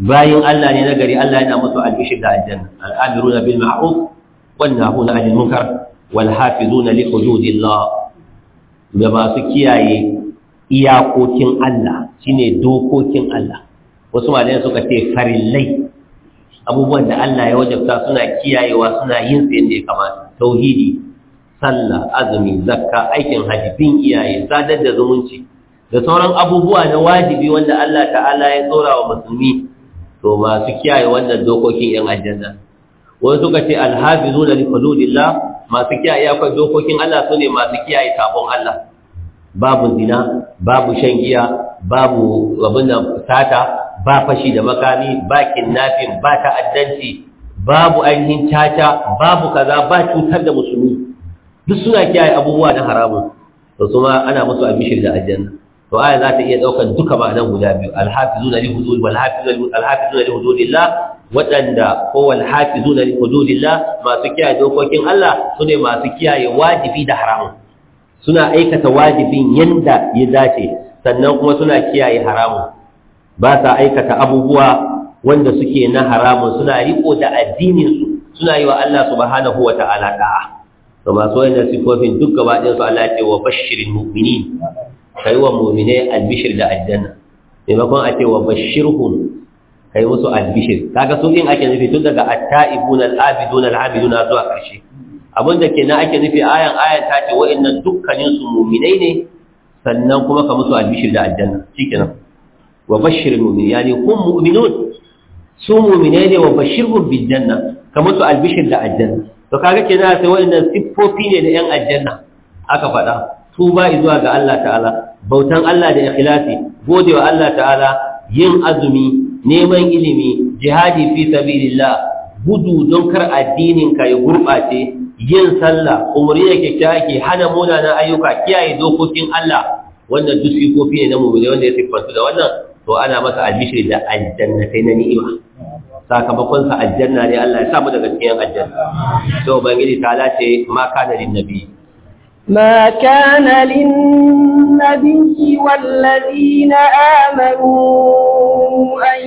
bayan Allah ne nagari Allah yana musu albishir da aljanna al'amiruna bil ma'ruf wan nahuna 'anil munkar wal hafizuna li hududillah da masu kiyaye iyakokin Allah shine dokokin Allah wasu malayan suka ce farillai abubuwan da Allah ya wajabta suna kiyayewa suna yin su yadda ya kamata tauhidi sallah azumi zakka aikin hajji bin iyaye sadar da zumunci da sauran abubuwa na wajibi wanda Allah ta'ala ya tsora wa musulmi to masu kiyaye wannan dokokin yan aljanna wani suka ce alhafizu da likuludillah masu kiyaye akwai dokokin Allah su ne masu kiyaye sabon Allah babu zina babu shan giya babu rabin da sata ba fashi da makami ba kinnafin ba ta'addanci babu ainihin caca babu kaza ba cutar da musulmi duk suna kiyaye abubuwa na haramun to kuma ana musu abishir da aljanna to aya za ta iya daukan duka ma'anan guda biyu alhafizuna li hudud wal hafizuna li hududillah wadanda ko wal hafizuna li hududillah masu kiyaye dokokin Allah sune masu kiyaye wajibi da haramun suna aikata wajibin yanda ya dace sannan kuma suna kiyaye haramun ba sa aikata abubuwa wanda suke na haramun suna riko da addininsu suna yi wa Allah subhanahu wa ta'ala da'a to masu wayannan sifofin duk gaba ɗin su Allah ya ce wa bashirin mu'minin kai wa mu'mine albishir da aljanna maimakon a ce wa bashirhum kai musu albishir kaga su din ake nufi tun daga at-taibuna al-abiduna al-abiduna zuwa karshe abinda kenan ake nufi ayan ayan ta ce wa'annan dukkanin su mu'minai ne sannan kuma ka musu albishir da aljanna shikenan wa bashir mu'min yani kun mu'minun su mu'minai ne wa bashirhum bil janna ka musu albishir da aljanna to kaga kenan sai wa'annan siffofi ne da yan aljanna aka faɗa tuba zuwa ga Allah ta'ala bautan Allah da ikhlasi gode wa Allah ta'ala yin azumi neman ilimi jihadi fi sabilillah gudu don kar addinin ka ya gurbace yin sallah umri da kyakkyaki hana munanan ayyuka kiyaye dokokin Allah wannan duk kofi ne na mu'mini wanda ya siffantu da wannan to ana masa albishir da aljanna sai na ni'ima sakamakon sa aljanna ne Allah ya samu daga cikin aljanna to bangiri ta lace ma kana lin nabi ما كان للنبي والذين آمنوا أن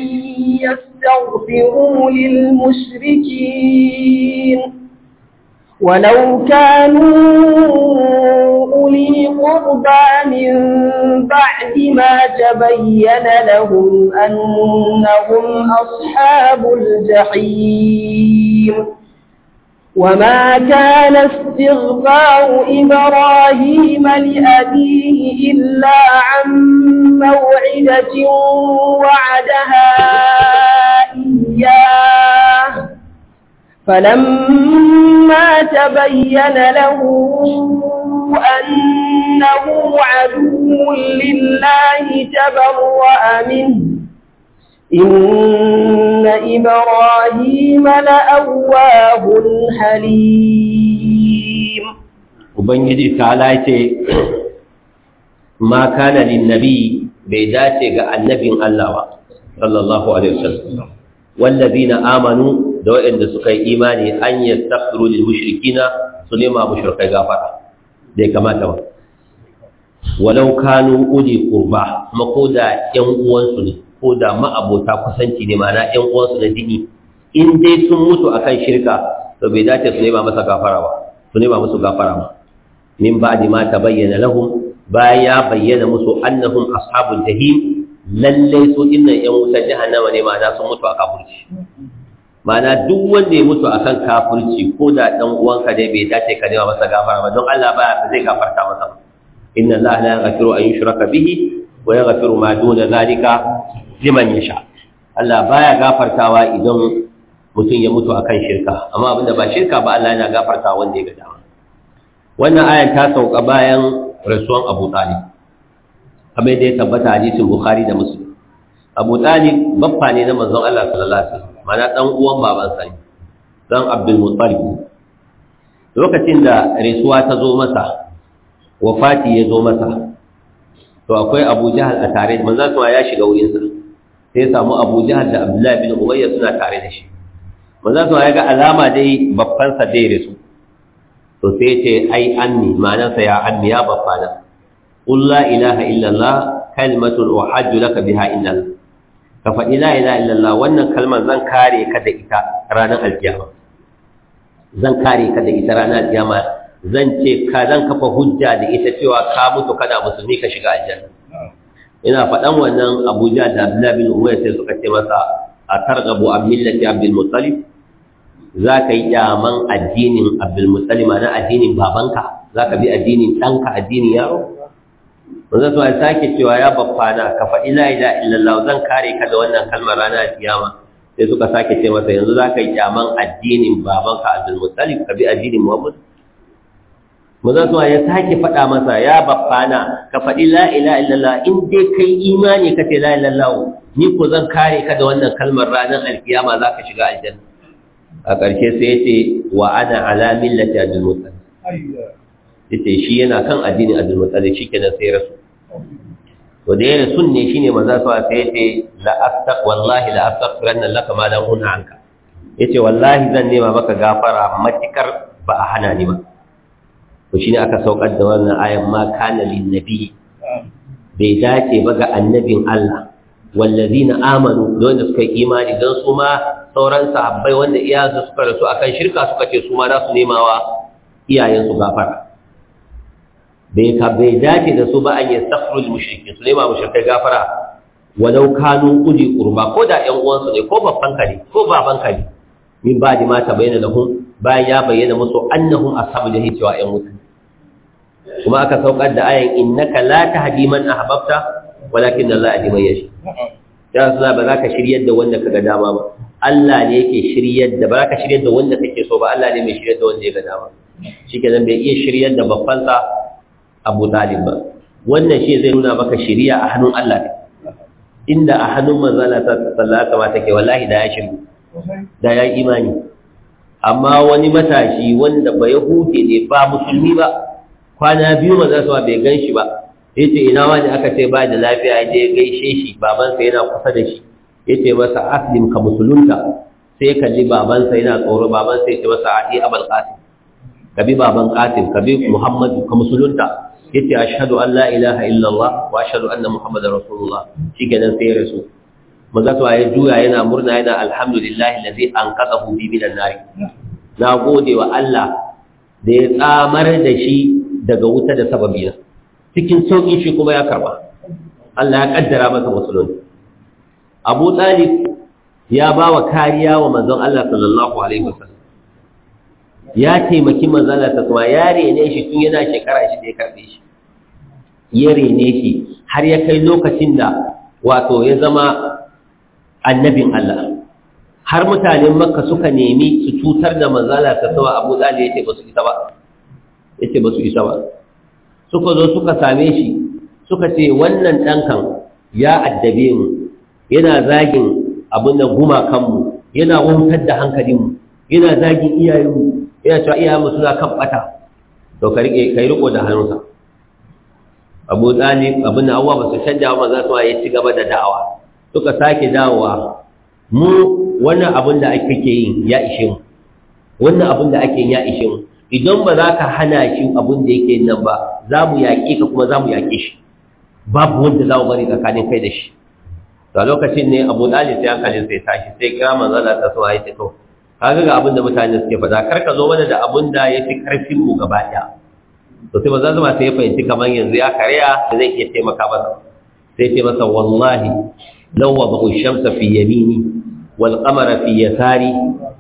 يستغفروا للمشركين ولو كانوا أولي قربى من بعد ما تبين لهم أنهم أصحاب الجحيم وما كان استغفار إبراهيم لأبيه إلا عن موعدة وعدها إياه فلما تبين له أنه عدو لله تبرأ منه إن إبراهيم لأواه حليم وبنجي تعالى ما كان للنبي بيداتي النبي الله صلى الله عليه وسلم والذين آمنوا دو إن سكي إيماني أن يستغفروا للمشركين سليما مشركي غافرة دي كما تمام ولو كانوا أولي قربا مقودا ينقوان سليم ko da ma'abota kusanci ne mana ‘yan uwansu na jini in dai sun mutu a kan shirka to bai dace su nema masa gafara ba su nema musu gafara ba min ba ma ta bayyana lahum bayan ya bayyana musu annahum ashabul jahim lalle su dinnan ‘yan wutar jahannama ne mana sun mutu a kafurci Mana duk wanda ya mutu a kan kafurci ko da ɗan uwanka dai bai dace ka nema masa gafara ba don Allah ba zai gafarta masa ba inna Allah la yaghfiru an yushraka bihi wa yaghfiru ma duna zalika liman yasha Allah baya gafartawa idan mutum ya mutu akan shirka amma abinda ba shirka ba Allah yana gafartawa wanda ya ga wannan ayan ta sauka bayan rasuwan Abu Talib kamar yadda ya tabbata hadisin Bukhari da Muslim Abu Talib baffa ne na manzon Allah sallallahu alaihi wasallam mana dan uwan baban sa dan Abdul Muttalib lokacin da rasuwa ta zo masa wafati ya zo masa to akwai abu jahal a tare da manzan ya shiga wurinsa sai samu abu jahal da abdullahi bin umayya suna tare da shi manzan sama ya ga alama dai babbansa dai rasu to sai ce ai anni ma'anarsa ya anni ya babbana qul la ilaha illallah kalimatul uhajju laka biha innal ka faɗi la ilaha illallah wannan kalmar zan kare ka da ita ranar alkiyama zan kare ka da ita ranar alkiyama zan ce ka zan kafa hujja da ita cewa ka mutu kana musulmi ka shiga aljanna ina faɗan wannan abuja da abdullahi bin umar sai suka ce masa a targabu an millati abdul muttalib za ka yi kyaman addinin abdul muttalib na addinin babanka za ka bi addinin ɗanka addinin yaro wanzan su a sake cewa ya babbana ka faɗi la ila illallah zan kare ka da wannan kalmar ranar kiyama sai suka sake ce masa yanzu za ka yi kyaman addinin babanka abdul muttalib ka bi addinin muhammad maza zuwa ya sake faɗa masa ya babbana ka faɗi la ilaha illallah in dai kai imani ka ce la ilaha ni ko zan kare ka da wannan kalmar ranar alkiyama za ka shiga aljanna a ƙarshe sai ya ce wa ana ala millati abdul mutal yace shi yana kan addinin abdul shi kenan sai rasu to da yana sunne shine maza zuwa sai ya ce la astaq wallahi la astaghfiranna laka ma la unha Ya ce wallahi zan nema maka gafara matikar ba a hana ni ba to shine aka saukar da wannan ayan ma kana lin nabi bai dace ba ga annabin Allah wallazina amanu don da suka yi imani dan su ma sauran sahabbai wanda iyayensu suka rasu akan shirka suka ce su ma za su nemawa iyayensu gafara bai ka bai dace da su ba an yi safrul mushriki su nema mushrikai gafara walau kanu uji qurba ko da 'yan uwansu ne ko babban ka ko baban ka min ba da ma ta bayyana lahum bayan ya bayyana musu annahum ashabu jahil cewa 'yan wuta kuma aka saukar da ayan innaka la tahdi man ahbabta walakin Allah yahdi man yasha ya Allah ba za ka shiryar da wanda kaga dama ba Allah ne yake shiryar da ba za ka shiryar da wanda kake so ba Allah ne mai shiryar da wanda ya ga dama shikenan bai iya shiryar da babbansa Abu Talib ba wannan shi zai nuna maka shiriya a hannun Allah ne. inda a hannun manzo Allah sallallahu alaihi wasallam take wallahi da ya shiru da ya imani amma wani matashi wanda bai yahudi ne ba musulmi ba kwana biyu manzon sama bai gan shi ba yace ina wani aka ce ba da lafiya je gaishe shi babansa yana kusa da shi yace masa aslim ka musulunta sai ya kalli babansa yana tsoro babansa ce masa ai abul qasim kabi baban qasim kabi muhammadu ka musulunta yace ashhadu an la ilaha illallah wa ashhadu anna muhammadar rasulullah gadan sai ya rasu maza to ya juya yana murna yana alhamdulillahi da zai allazi anqadahu bi minan nar na gode wa Allah da ya tsamar da shi daga wuta da sababi cikin sauƙi shi kuma ya karba Allah ya kaddara masa musulunci Abu Talib ya ba wa kariya wa manzon Allah sallallahu alaihi wasallam ya taimaki manzon Allah kuma ya rene shi tun yana shekara shi da ya karbe shi ya rene shi har ya kai lokacin da wato ya zama annabin Allah har mutanen Makka suka nemi su cutar da manzala ta sawa Abu zali ya ce ba su ita ba yace ba su isa ba suka zo suka same shi suka ce wannan ɗankan ya addabe mu yana zagin abin da guma kanmu, yana wuntar da hankalinmu yana zagin iyayenmu yana cewa iyayenmu suna kan ɓata to ka yi riko da hannunsa abu tsali abin da abuwa ba su canja ba za su ya ci gaba da da'awa suka sake dawowa mu wannan abin da ake yin ya ishe mu wannan abin da ake ya ishe mu idan ba za ka hana shi abin da yake nan ba za mu yaƙe ka kuma za mu yaƙe shi babu wanda za mu bari tsakanin kai da shi to a lokacin ne abu dalib sai hankalin sai tashi sai kira manzo Allah ta so ai ta to kaga ga abin da mutane suke faɗa kar ka zo mana da abin da yafi karfin mu gaba ɗaya to sai manzo Allah sai ya fahimci kamar yanzu ya karya zai iya taimaka ba sai ce masa wallahi law wadahu shamsa fi yamini wal qamara fi yasari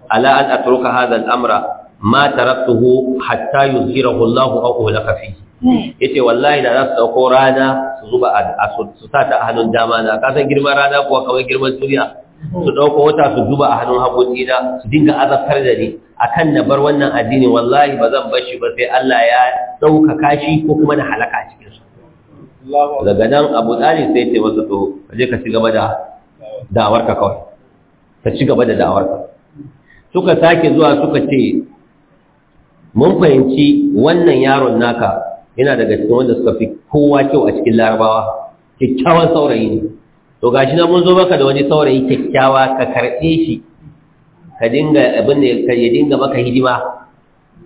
ala an atruka hadha al amra ma taraktuhu hatta yuzhirahu Allahu aw ulaka fi eh. yace wallahi da za su dauko rana su zuba a su sa ta a hannun dama na ka san girman rana kuwa kawai girman duniya su dauko wata su zuba a hannun hagoji dina su dinga azabtar da ni akan na bar wannan addini wallahi ba zan bar shi ba sai Allah ya dauka kashi ko kuma na halaka a cikin su daga nan Abu Talib sai ce masa to je ka ci da da'awarka kawai ka ci gaba da da'awarka suka sake zuwa suka ce mun fahimci wannan yaron naka yana daga cikin wanda suka fi kowa kyau a cikin larabawa kyakkyawan saurayi ne to gashi na mun zo maka da wani saurayi kyakkyawa ka karɓe shi ka dinga abin da ka ya dinga maka hidima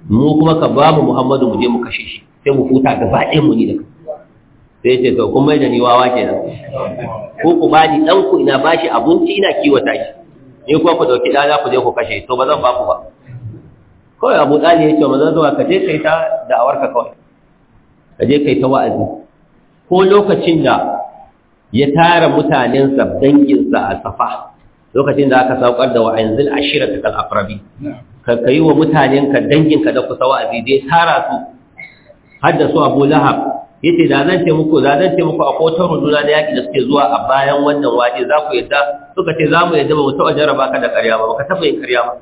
mu kuma ka ba mu Muhammadu mu je mu kashe shi sai mu huta ga ɗayan mu ni da sai ce to kun mai da ni wawa ke nan. ko ku ba ni ɗanku ina ba abinci ina kiwata shi ni kuma ku ɗauki ɗana ku je ku kashe to ba zan ba ku ba kawai abu tsali ya ce wa mazan zuwa ka je kai ta da'awarka kawai ka je kai ta wa'azi ko lokacin da ya tara mutanensa danginsa a safa lokacin da aka saukar da wa'anzil ashirata ta kal'afirabi ka yi wa mutanenka danginka da kusa wa'azi ya tara su haddasu su Abu Lahab ya ce da zan taimako, da zan taimako a kotar runduna da yaƙi da suke zuwa a bayan wannan waje za ku yadda suka ce za mu yadda ba mu taɓa jarraba ka da ƙarya ba ka taɓa yin ƙarya ba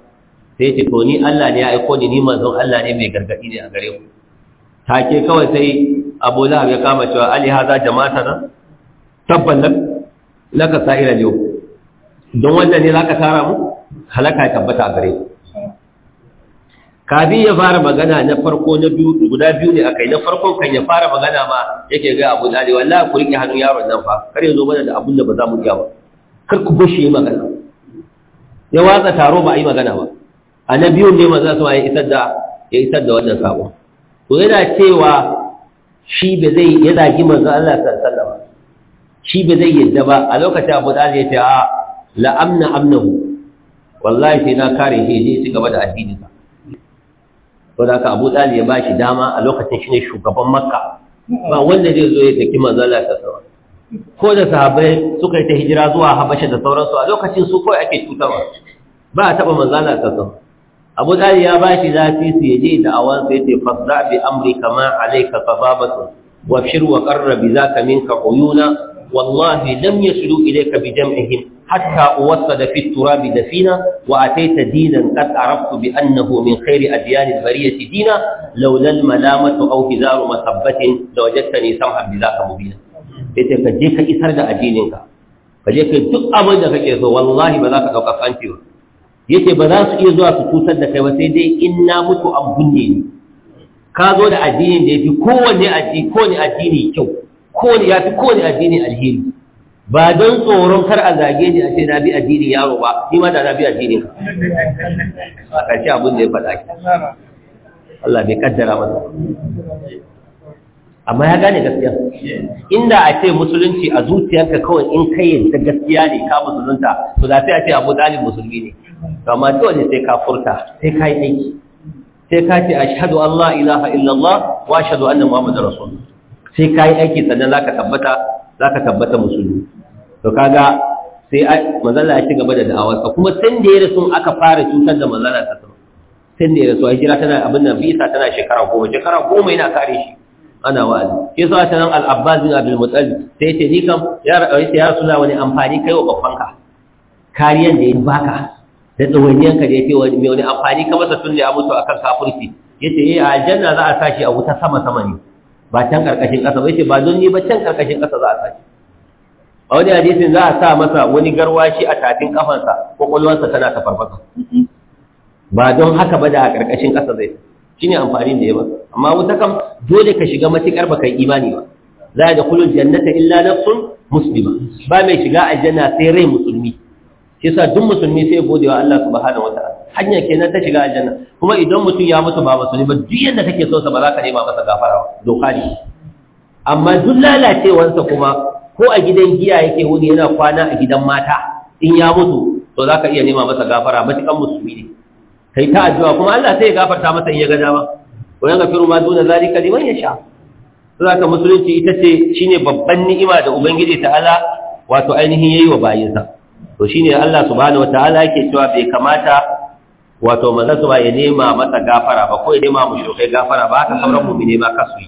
sai ce to ni Allah ne ya aiko ni ni manzon Allah ne mai gargadi ne a gare ku Ta ke kawai sai Abu Lahab ya kama cewa ali haza jama'ata na tabban lak laka sa'ira jo don wannan ne zaka tara mu halaka ya tabbata a gare ku kafin ya fara magana na farko na biyu guda biyu ne akai na farko kan ya fara magana ma yake ga Abu Lahab wallahi ku rike hannun yaron nan fa kar ya zo mana da abun da ba za mu iya ba kar ku bashi magana ya watsa taro ba a yi magana ba annabiyun ne maza sama ya isar da ya isar da wannan sabon to yana cewa shi ba zai ya zagi manzo Allah sallallahu alaihi wasallam shi ba zai yadda ba a lokacin Abu Talib ya ce a la amna amnahu wallahi sai na kare shi ne ci gaba da addinin sa to da ka Abu Talib ya shi dama a lokacin shine shugaban Makka ba wanda zai zo ya daki manzo Allah sallallahu alaihi ko da sahabbai suka yi ta hijira zuwa Habasha da sauransu a lokacin su kawai ake cutarwa ba a taɓa manzo Allah sallallahu alaihi abu tsari ya ba shi zafi su yaje da awan sai ce fasra bi amri kama alayka sababatu wa bshir wa qarra bi zaka minka uyuna wallahi lam yasulu ilayka bi jam'ihim hatta uwassada fi turab dafina wa ataita dinan qad araftu bi annahu min khairi adyan al dina lawla al-malamatu aw hizaru masabbatin lawajadtani sam'an bi zaka mubina yace ka je ka isar da addininka ka je ka duk abin da kake so wallahi ba za ka dauka fanti ba yace ba za su iya zuwa su cutar da kai ba sai dai in na mutu an bunne ni ka zo da addinin da yafi kowanne addini kowanne addini kyau kowanne yafi kowanne addini alheri ba don tsoron kar a zage ni a ce na bi addini yaro ba ni ma da na bi addini ka a ƙarshe abin da ya faɗa ki Allah bai kaddara masa amma ya gane gaskiya inda a ce musulunci a zuciyarka kawai in kai ta gaskiya ne ka musulunta to za sai a ce abu dalib musulmi ne to amma dole sai ka furta sai ka yi aiki sai ka ce ashhadu an la ilaha illallah wa ashhadu anna muhammadar rasul sai ka yi aiki sannan zaka tabbata zaka tabbata musulmi to kaga sai manzala ya ci gaba da da'awar kuma tun da ya rasu aka fara cutar da manzala ta sama tun da ya rasu a jira tana abin nan bisa tana shekara goma shekara goma yana kare shi ana wa'azi shi sa ta nan al-abbas bin abdul mutal sai ce ni kam ya yace ya suna wani amfani kai wa ka kariyan da ya baka da tsawaniyan ka da yake wani wani amfani ka masa tunne a mutu akan kafirci yace eh a aljanna za a sashi a wuta sama sama ne ba can karkashin kasa ba yace ba don ni ba can karkashin kasa za a sashi a wani hadisin za a sa masa wani garwashi a tafin kafansa kwakwalwarsa tana ta farfasa ba don haka ba da a karkashin kasa zai shine amfanin da yawa amma wuta kam dole ka shiga matukar baka imani ba da yadkhulul jannata illa nafsun muslima ba mai shiga aljanna sai rai musulmi shi sa duk musulmi sai gode wa Allah subhanahu wataala hanya kenan ta shiga aljanna kuma idan mutum ya mutu ba musulmi ba duk yanda kake so sa ba za ka nema masa gafara doka ne amma duk lalacewarsa kuma ko a gidan giya yake wuni yana kwana a gidan mata in ya mutu to za ka iya nema masa gafara matukan musulmi ne sai ta addu'a kuma Allah sai ya gafarta masa in ya ga dama wa yaghfiru ma duna zalika liman yasha saboda musulunci ita ce shine babban ni'ima da ubangiji ta'ala wato ainihin yayi wa bayinsa to shine Allah subhanahu wataala yake cewa bai kamata wato manzo ba ya nema masa gafara ba ko ya nema kai gafara ba ka sauran mu'mini ma kasu yi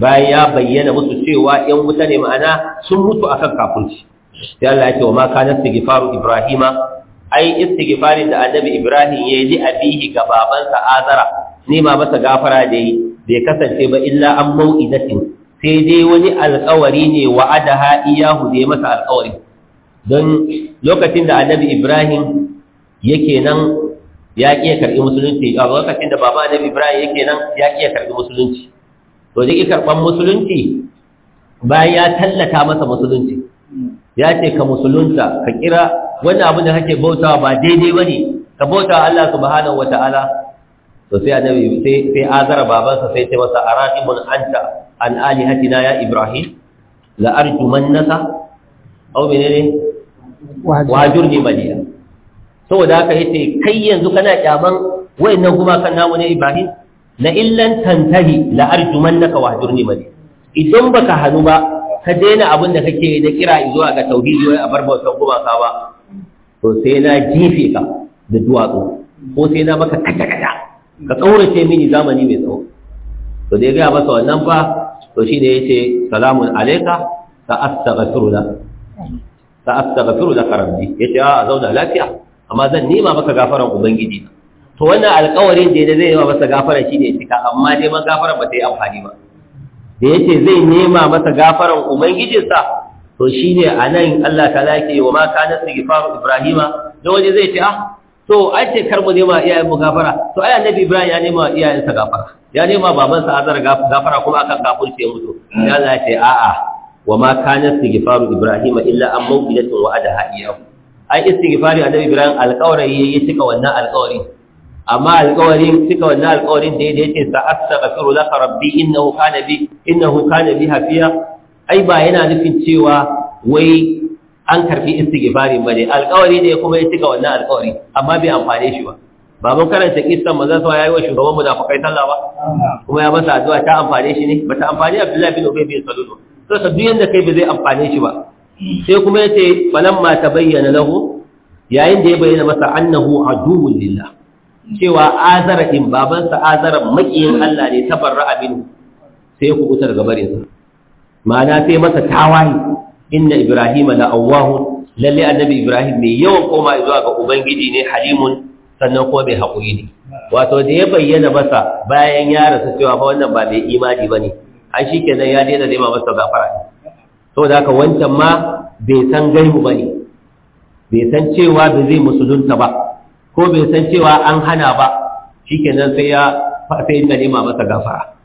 bayan ya bayyana musu cewa ‘yan wuta ne ma'ana sun mutu akan kafirci sai Allah ya wa ma sigifaru Ibrahima ai istighfari da annabi ibrahim ya yi abihi ga babansa azara ma masa gafara da yi bai kasance ba illa an mau'idatin sai dai wani alkawari ne wa'adaha iyahu da ya masa alkawari don lokacin da annabi ibrahim yake nan ya ƙiya karɓi musulunci a lokacin da baba annabi ibrahim yake nan ya ƙiya karɓi musulunci to da karɓan musulunci bayan ya tallata masa musulunci ya ce ka musulunta ka kira wannan abin da kake bautawa ba daidai ba ne. ka bautawa Allah subhanahu wataala to sai annabi sai sai azara babansa sai ce masa araqibun anta an alihatina ya ibrahim la arjumannaka aw menene wajurni maliya saboda haka yace kai yanzu kana kyaman wayannan kuma kan namu ne ibrahim la illan tantahi la arjumannaka wajurni maliya idan baka hanu ba ka daina abin da kake da kira zuwa ga tauhidi wai a barba wata gumaka ba to sai na jefe ka da duwatsu ko sai na maka kaca-kaca ka kaurace mini zamani mai tsawo to da ya gaya masa wannan fa to shi ne ya ce salamun alaika ta astaghfiru la ta astaghfiru la karabbi ya ce a zauna lafiya amma zan nema maka gafaran ubangiji na to wannan alƙawarin da zai yi masa gafara shi ne cika amma dai man gafaran ba ta yi amfani ba da ya ce zai nema masa gafaran ubangijinsa to shi ne a nan Allah ta lake wa ma ka kana istighfaru ibrahima da waje zai ce ah to ai ce kar mu nema a mu gafara to ai annabi ibrahim ya nema a iyayensa gafara ya nema babansa azar gafara kuma akan kafirce mutu ya Allah ya ce a'a wa ma ka kana istighfaru ibrahima illa an mawqidatun wa'adaha iyahu ai istighfari annabi ibrahim alƙawari yayi cika wannan alƙawari amma alƙawarin cika wannan alƙawarin da yake sa astaghfiru laka rabbi innahu kana bi innahu kana bi hafiya ai ba yana nufin cewa wai an karfi istighfari bane alƙawari ne kuma ya cika wannan alƙawari amma bai amfane shi ba ba mun karanta kissan manzon sa yayi wa shugaban munafikai talla ba kuma ya masa addu'a ta amfane shi ne ba ta amfane Abdullahi bin Ubay bin Salul to sai duk yanda kai ba zai amfane shi ba sai kuma yace falamma tabayyana lahu yayin da ya bayyana masa annahu aduwwun lillah cewa azara din babansa azara makiyin Allah ne tabarra'a Aminu, sai ku kutar sa ma'ana sai masa tawaye inna ibrahima la awwahu lalle annabi ibrahim mai yawan koma zuwa ga ubangiji ne halimun sannan kuma mai haƙuri ne wato da ya bayyana masa bayan ya rasu cewa fa wannan ba mai imani bane an shi kenan ya daina nema masa gafara da haka wancan ma bai san gaibu bane bai san cewa ba zai musulunta ba ko bai san cewa an hana ba shi kenan sai ya fa sai nema masa gafara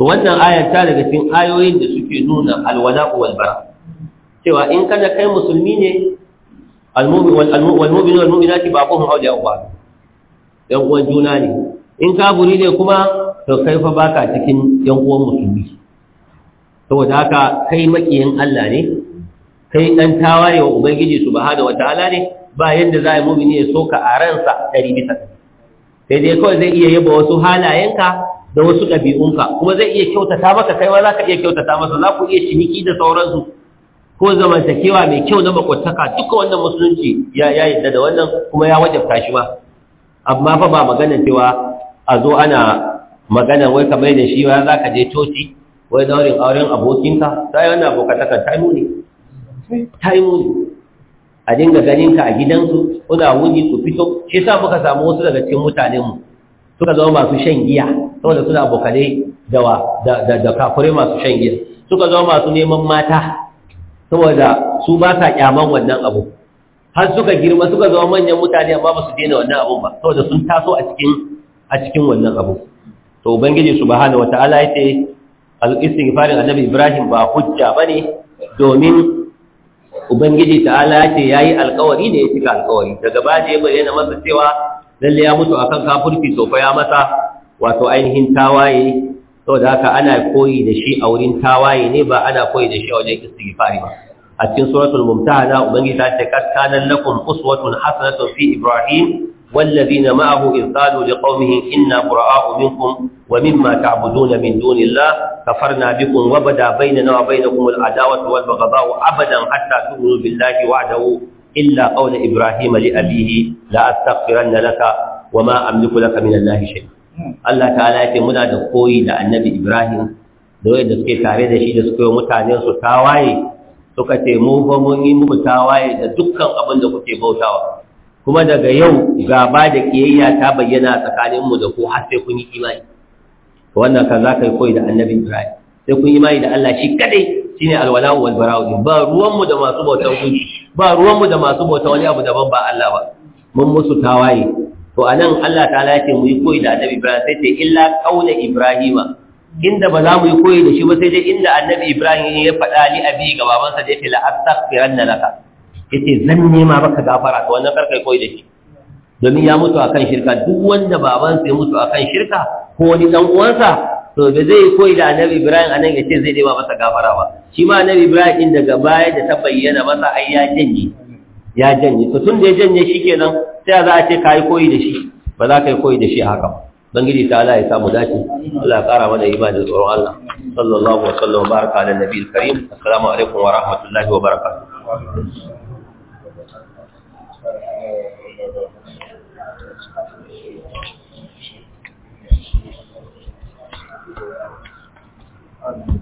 to wannan ayar ta daga cikin ayoyin da suke nuna alwala wal bara cewa in kada kai musulmi ne almu'min wal mu'min wal mu'minati ba'dhum awliya ba'd yan uwan juna ne in kafiri ne kuma to kai fa baka cikin yan uwan musulmi saboda haka kai makiyin Allah ne kai dan tawaye wa ubangiji subhanahu ta'ala ne ba yadda za a mu'mini ya soka a ransa 100 bisa sai dai kawai zai iya yaba wasu halayenka da wasu ɗabi'unka kuma zai iya kyautata maka kaiwa za ka iya kyautata masa za ku iya ciniki da sauransu ko zamantakewa mai kyau na makwataka duka wannan musulunci ya yadda da wannan kuma ya wajabta shi ba amma fa ba magana cewa a zo ana magana wai ka bai da shi wa za ka je coci wai daurin auren abokinka ta yi wannan abokatakan ta yi muni ta yi muni a dinga ganinka a gidansu kuna wuni ku fito shi sa muka samu wasu daga cikin mutanenmu suka zama masu shan giya saboda suna bukale da kafure masu shan giya suka zama masu neman mata saboda su ba sa kyaman wannan abu har suka girma suka zama manyan mutane amma ba su daina wannan abun ba saboda sun taso a cikin a cikin wannan abu to ubangiji subhanahu wataala yace al-istighfarin annabi ibrahim ba hujja bane domin ubangiji ta'ala yace yayi alƙawari ne ya cika alƙawari daga baje bayyana masa cewa lalle ya mutu akan kafirci to fa ya masa wato ainihin tawaye saboda haka ana koyi da shi a wurin tawaye ne ba ana koyi da shi a wajen istighfari ba a cikin suratul mumtahana ubangiji ta ce kad kana lakum uswatun hasanatun fi ibrahim والذين معه إذ قالوا لقومه إنا براء منكم ومما تعبدون من دون الله كفرنا بكم وبدا بيننا وبينكم العداوة والبغضاء أبدا حتى تؤمنوا بالله وعده illa Ibrahim ibrahima li abihi la na laka wa ma amliku laka min allahi Allah ta'ala yake muna da koyi da annabi Ibrahim da wanda suke tare da shi da suke mutane su tawaye suka ce mu mun yi muku tawaye da dukkan abin da kuke bautawa kuma daga yau gaba da kiyayya ta bayyana tsakaninmu da ku har sai kun yi imani wannan kan za ka yi koyi da annabi Ibrahim sai kun imani da Allah shi kadai shine alwala wal bara'u ba ruwan mu da masu bautan gunki ba ruwanmu da masu bauta wani abu daban ba Allah ba mun musu tawaye to anan Allah ta'ala ce mu yi koyi da annabi Ibrahim sai ce illa qaula ibrahima inda ba za mu yi koyi da shi ba sai dai inda annabi Ibrahim ya faɗa li abi ga babansa da yake la astaghfiranna laka yace zan nema maka gafara to wannan karkai koyi da shi domin ya mutu akan shirka duk wanda babansa ya mutu akan shirka ko wani dan uwansa to da zai koyi da annabi ibrahim anan ya ce zai nema masa gafara ba shi ma annabi ibrahim din daga baya da ta bayyana masa ai ya janye ya janye to tun da ya janye shi shikenan sai za a ce ka yi koyi da shi ba za ka yi koyi da shi haka ba bangiji ta Allah ya samu dace Allah ya kara mana imani da tsoron Allah sallallahu alaihi wa sallam baraka ala nabiyil karim assalamu alaikum wa rahmatullahi wa barakatuh Amen.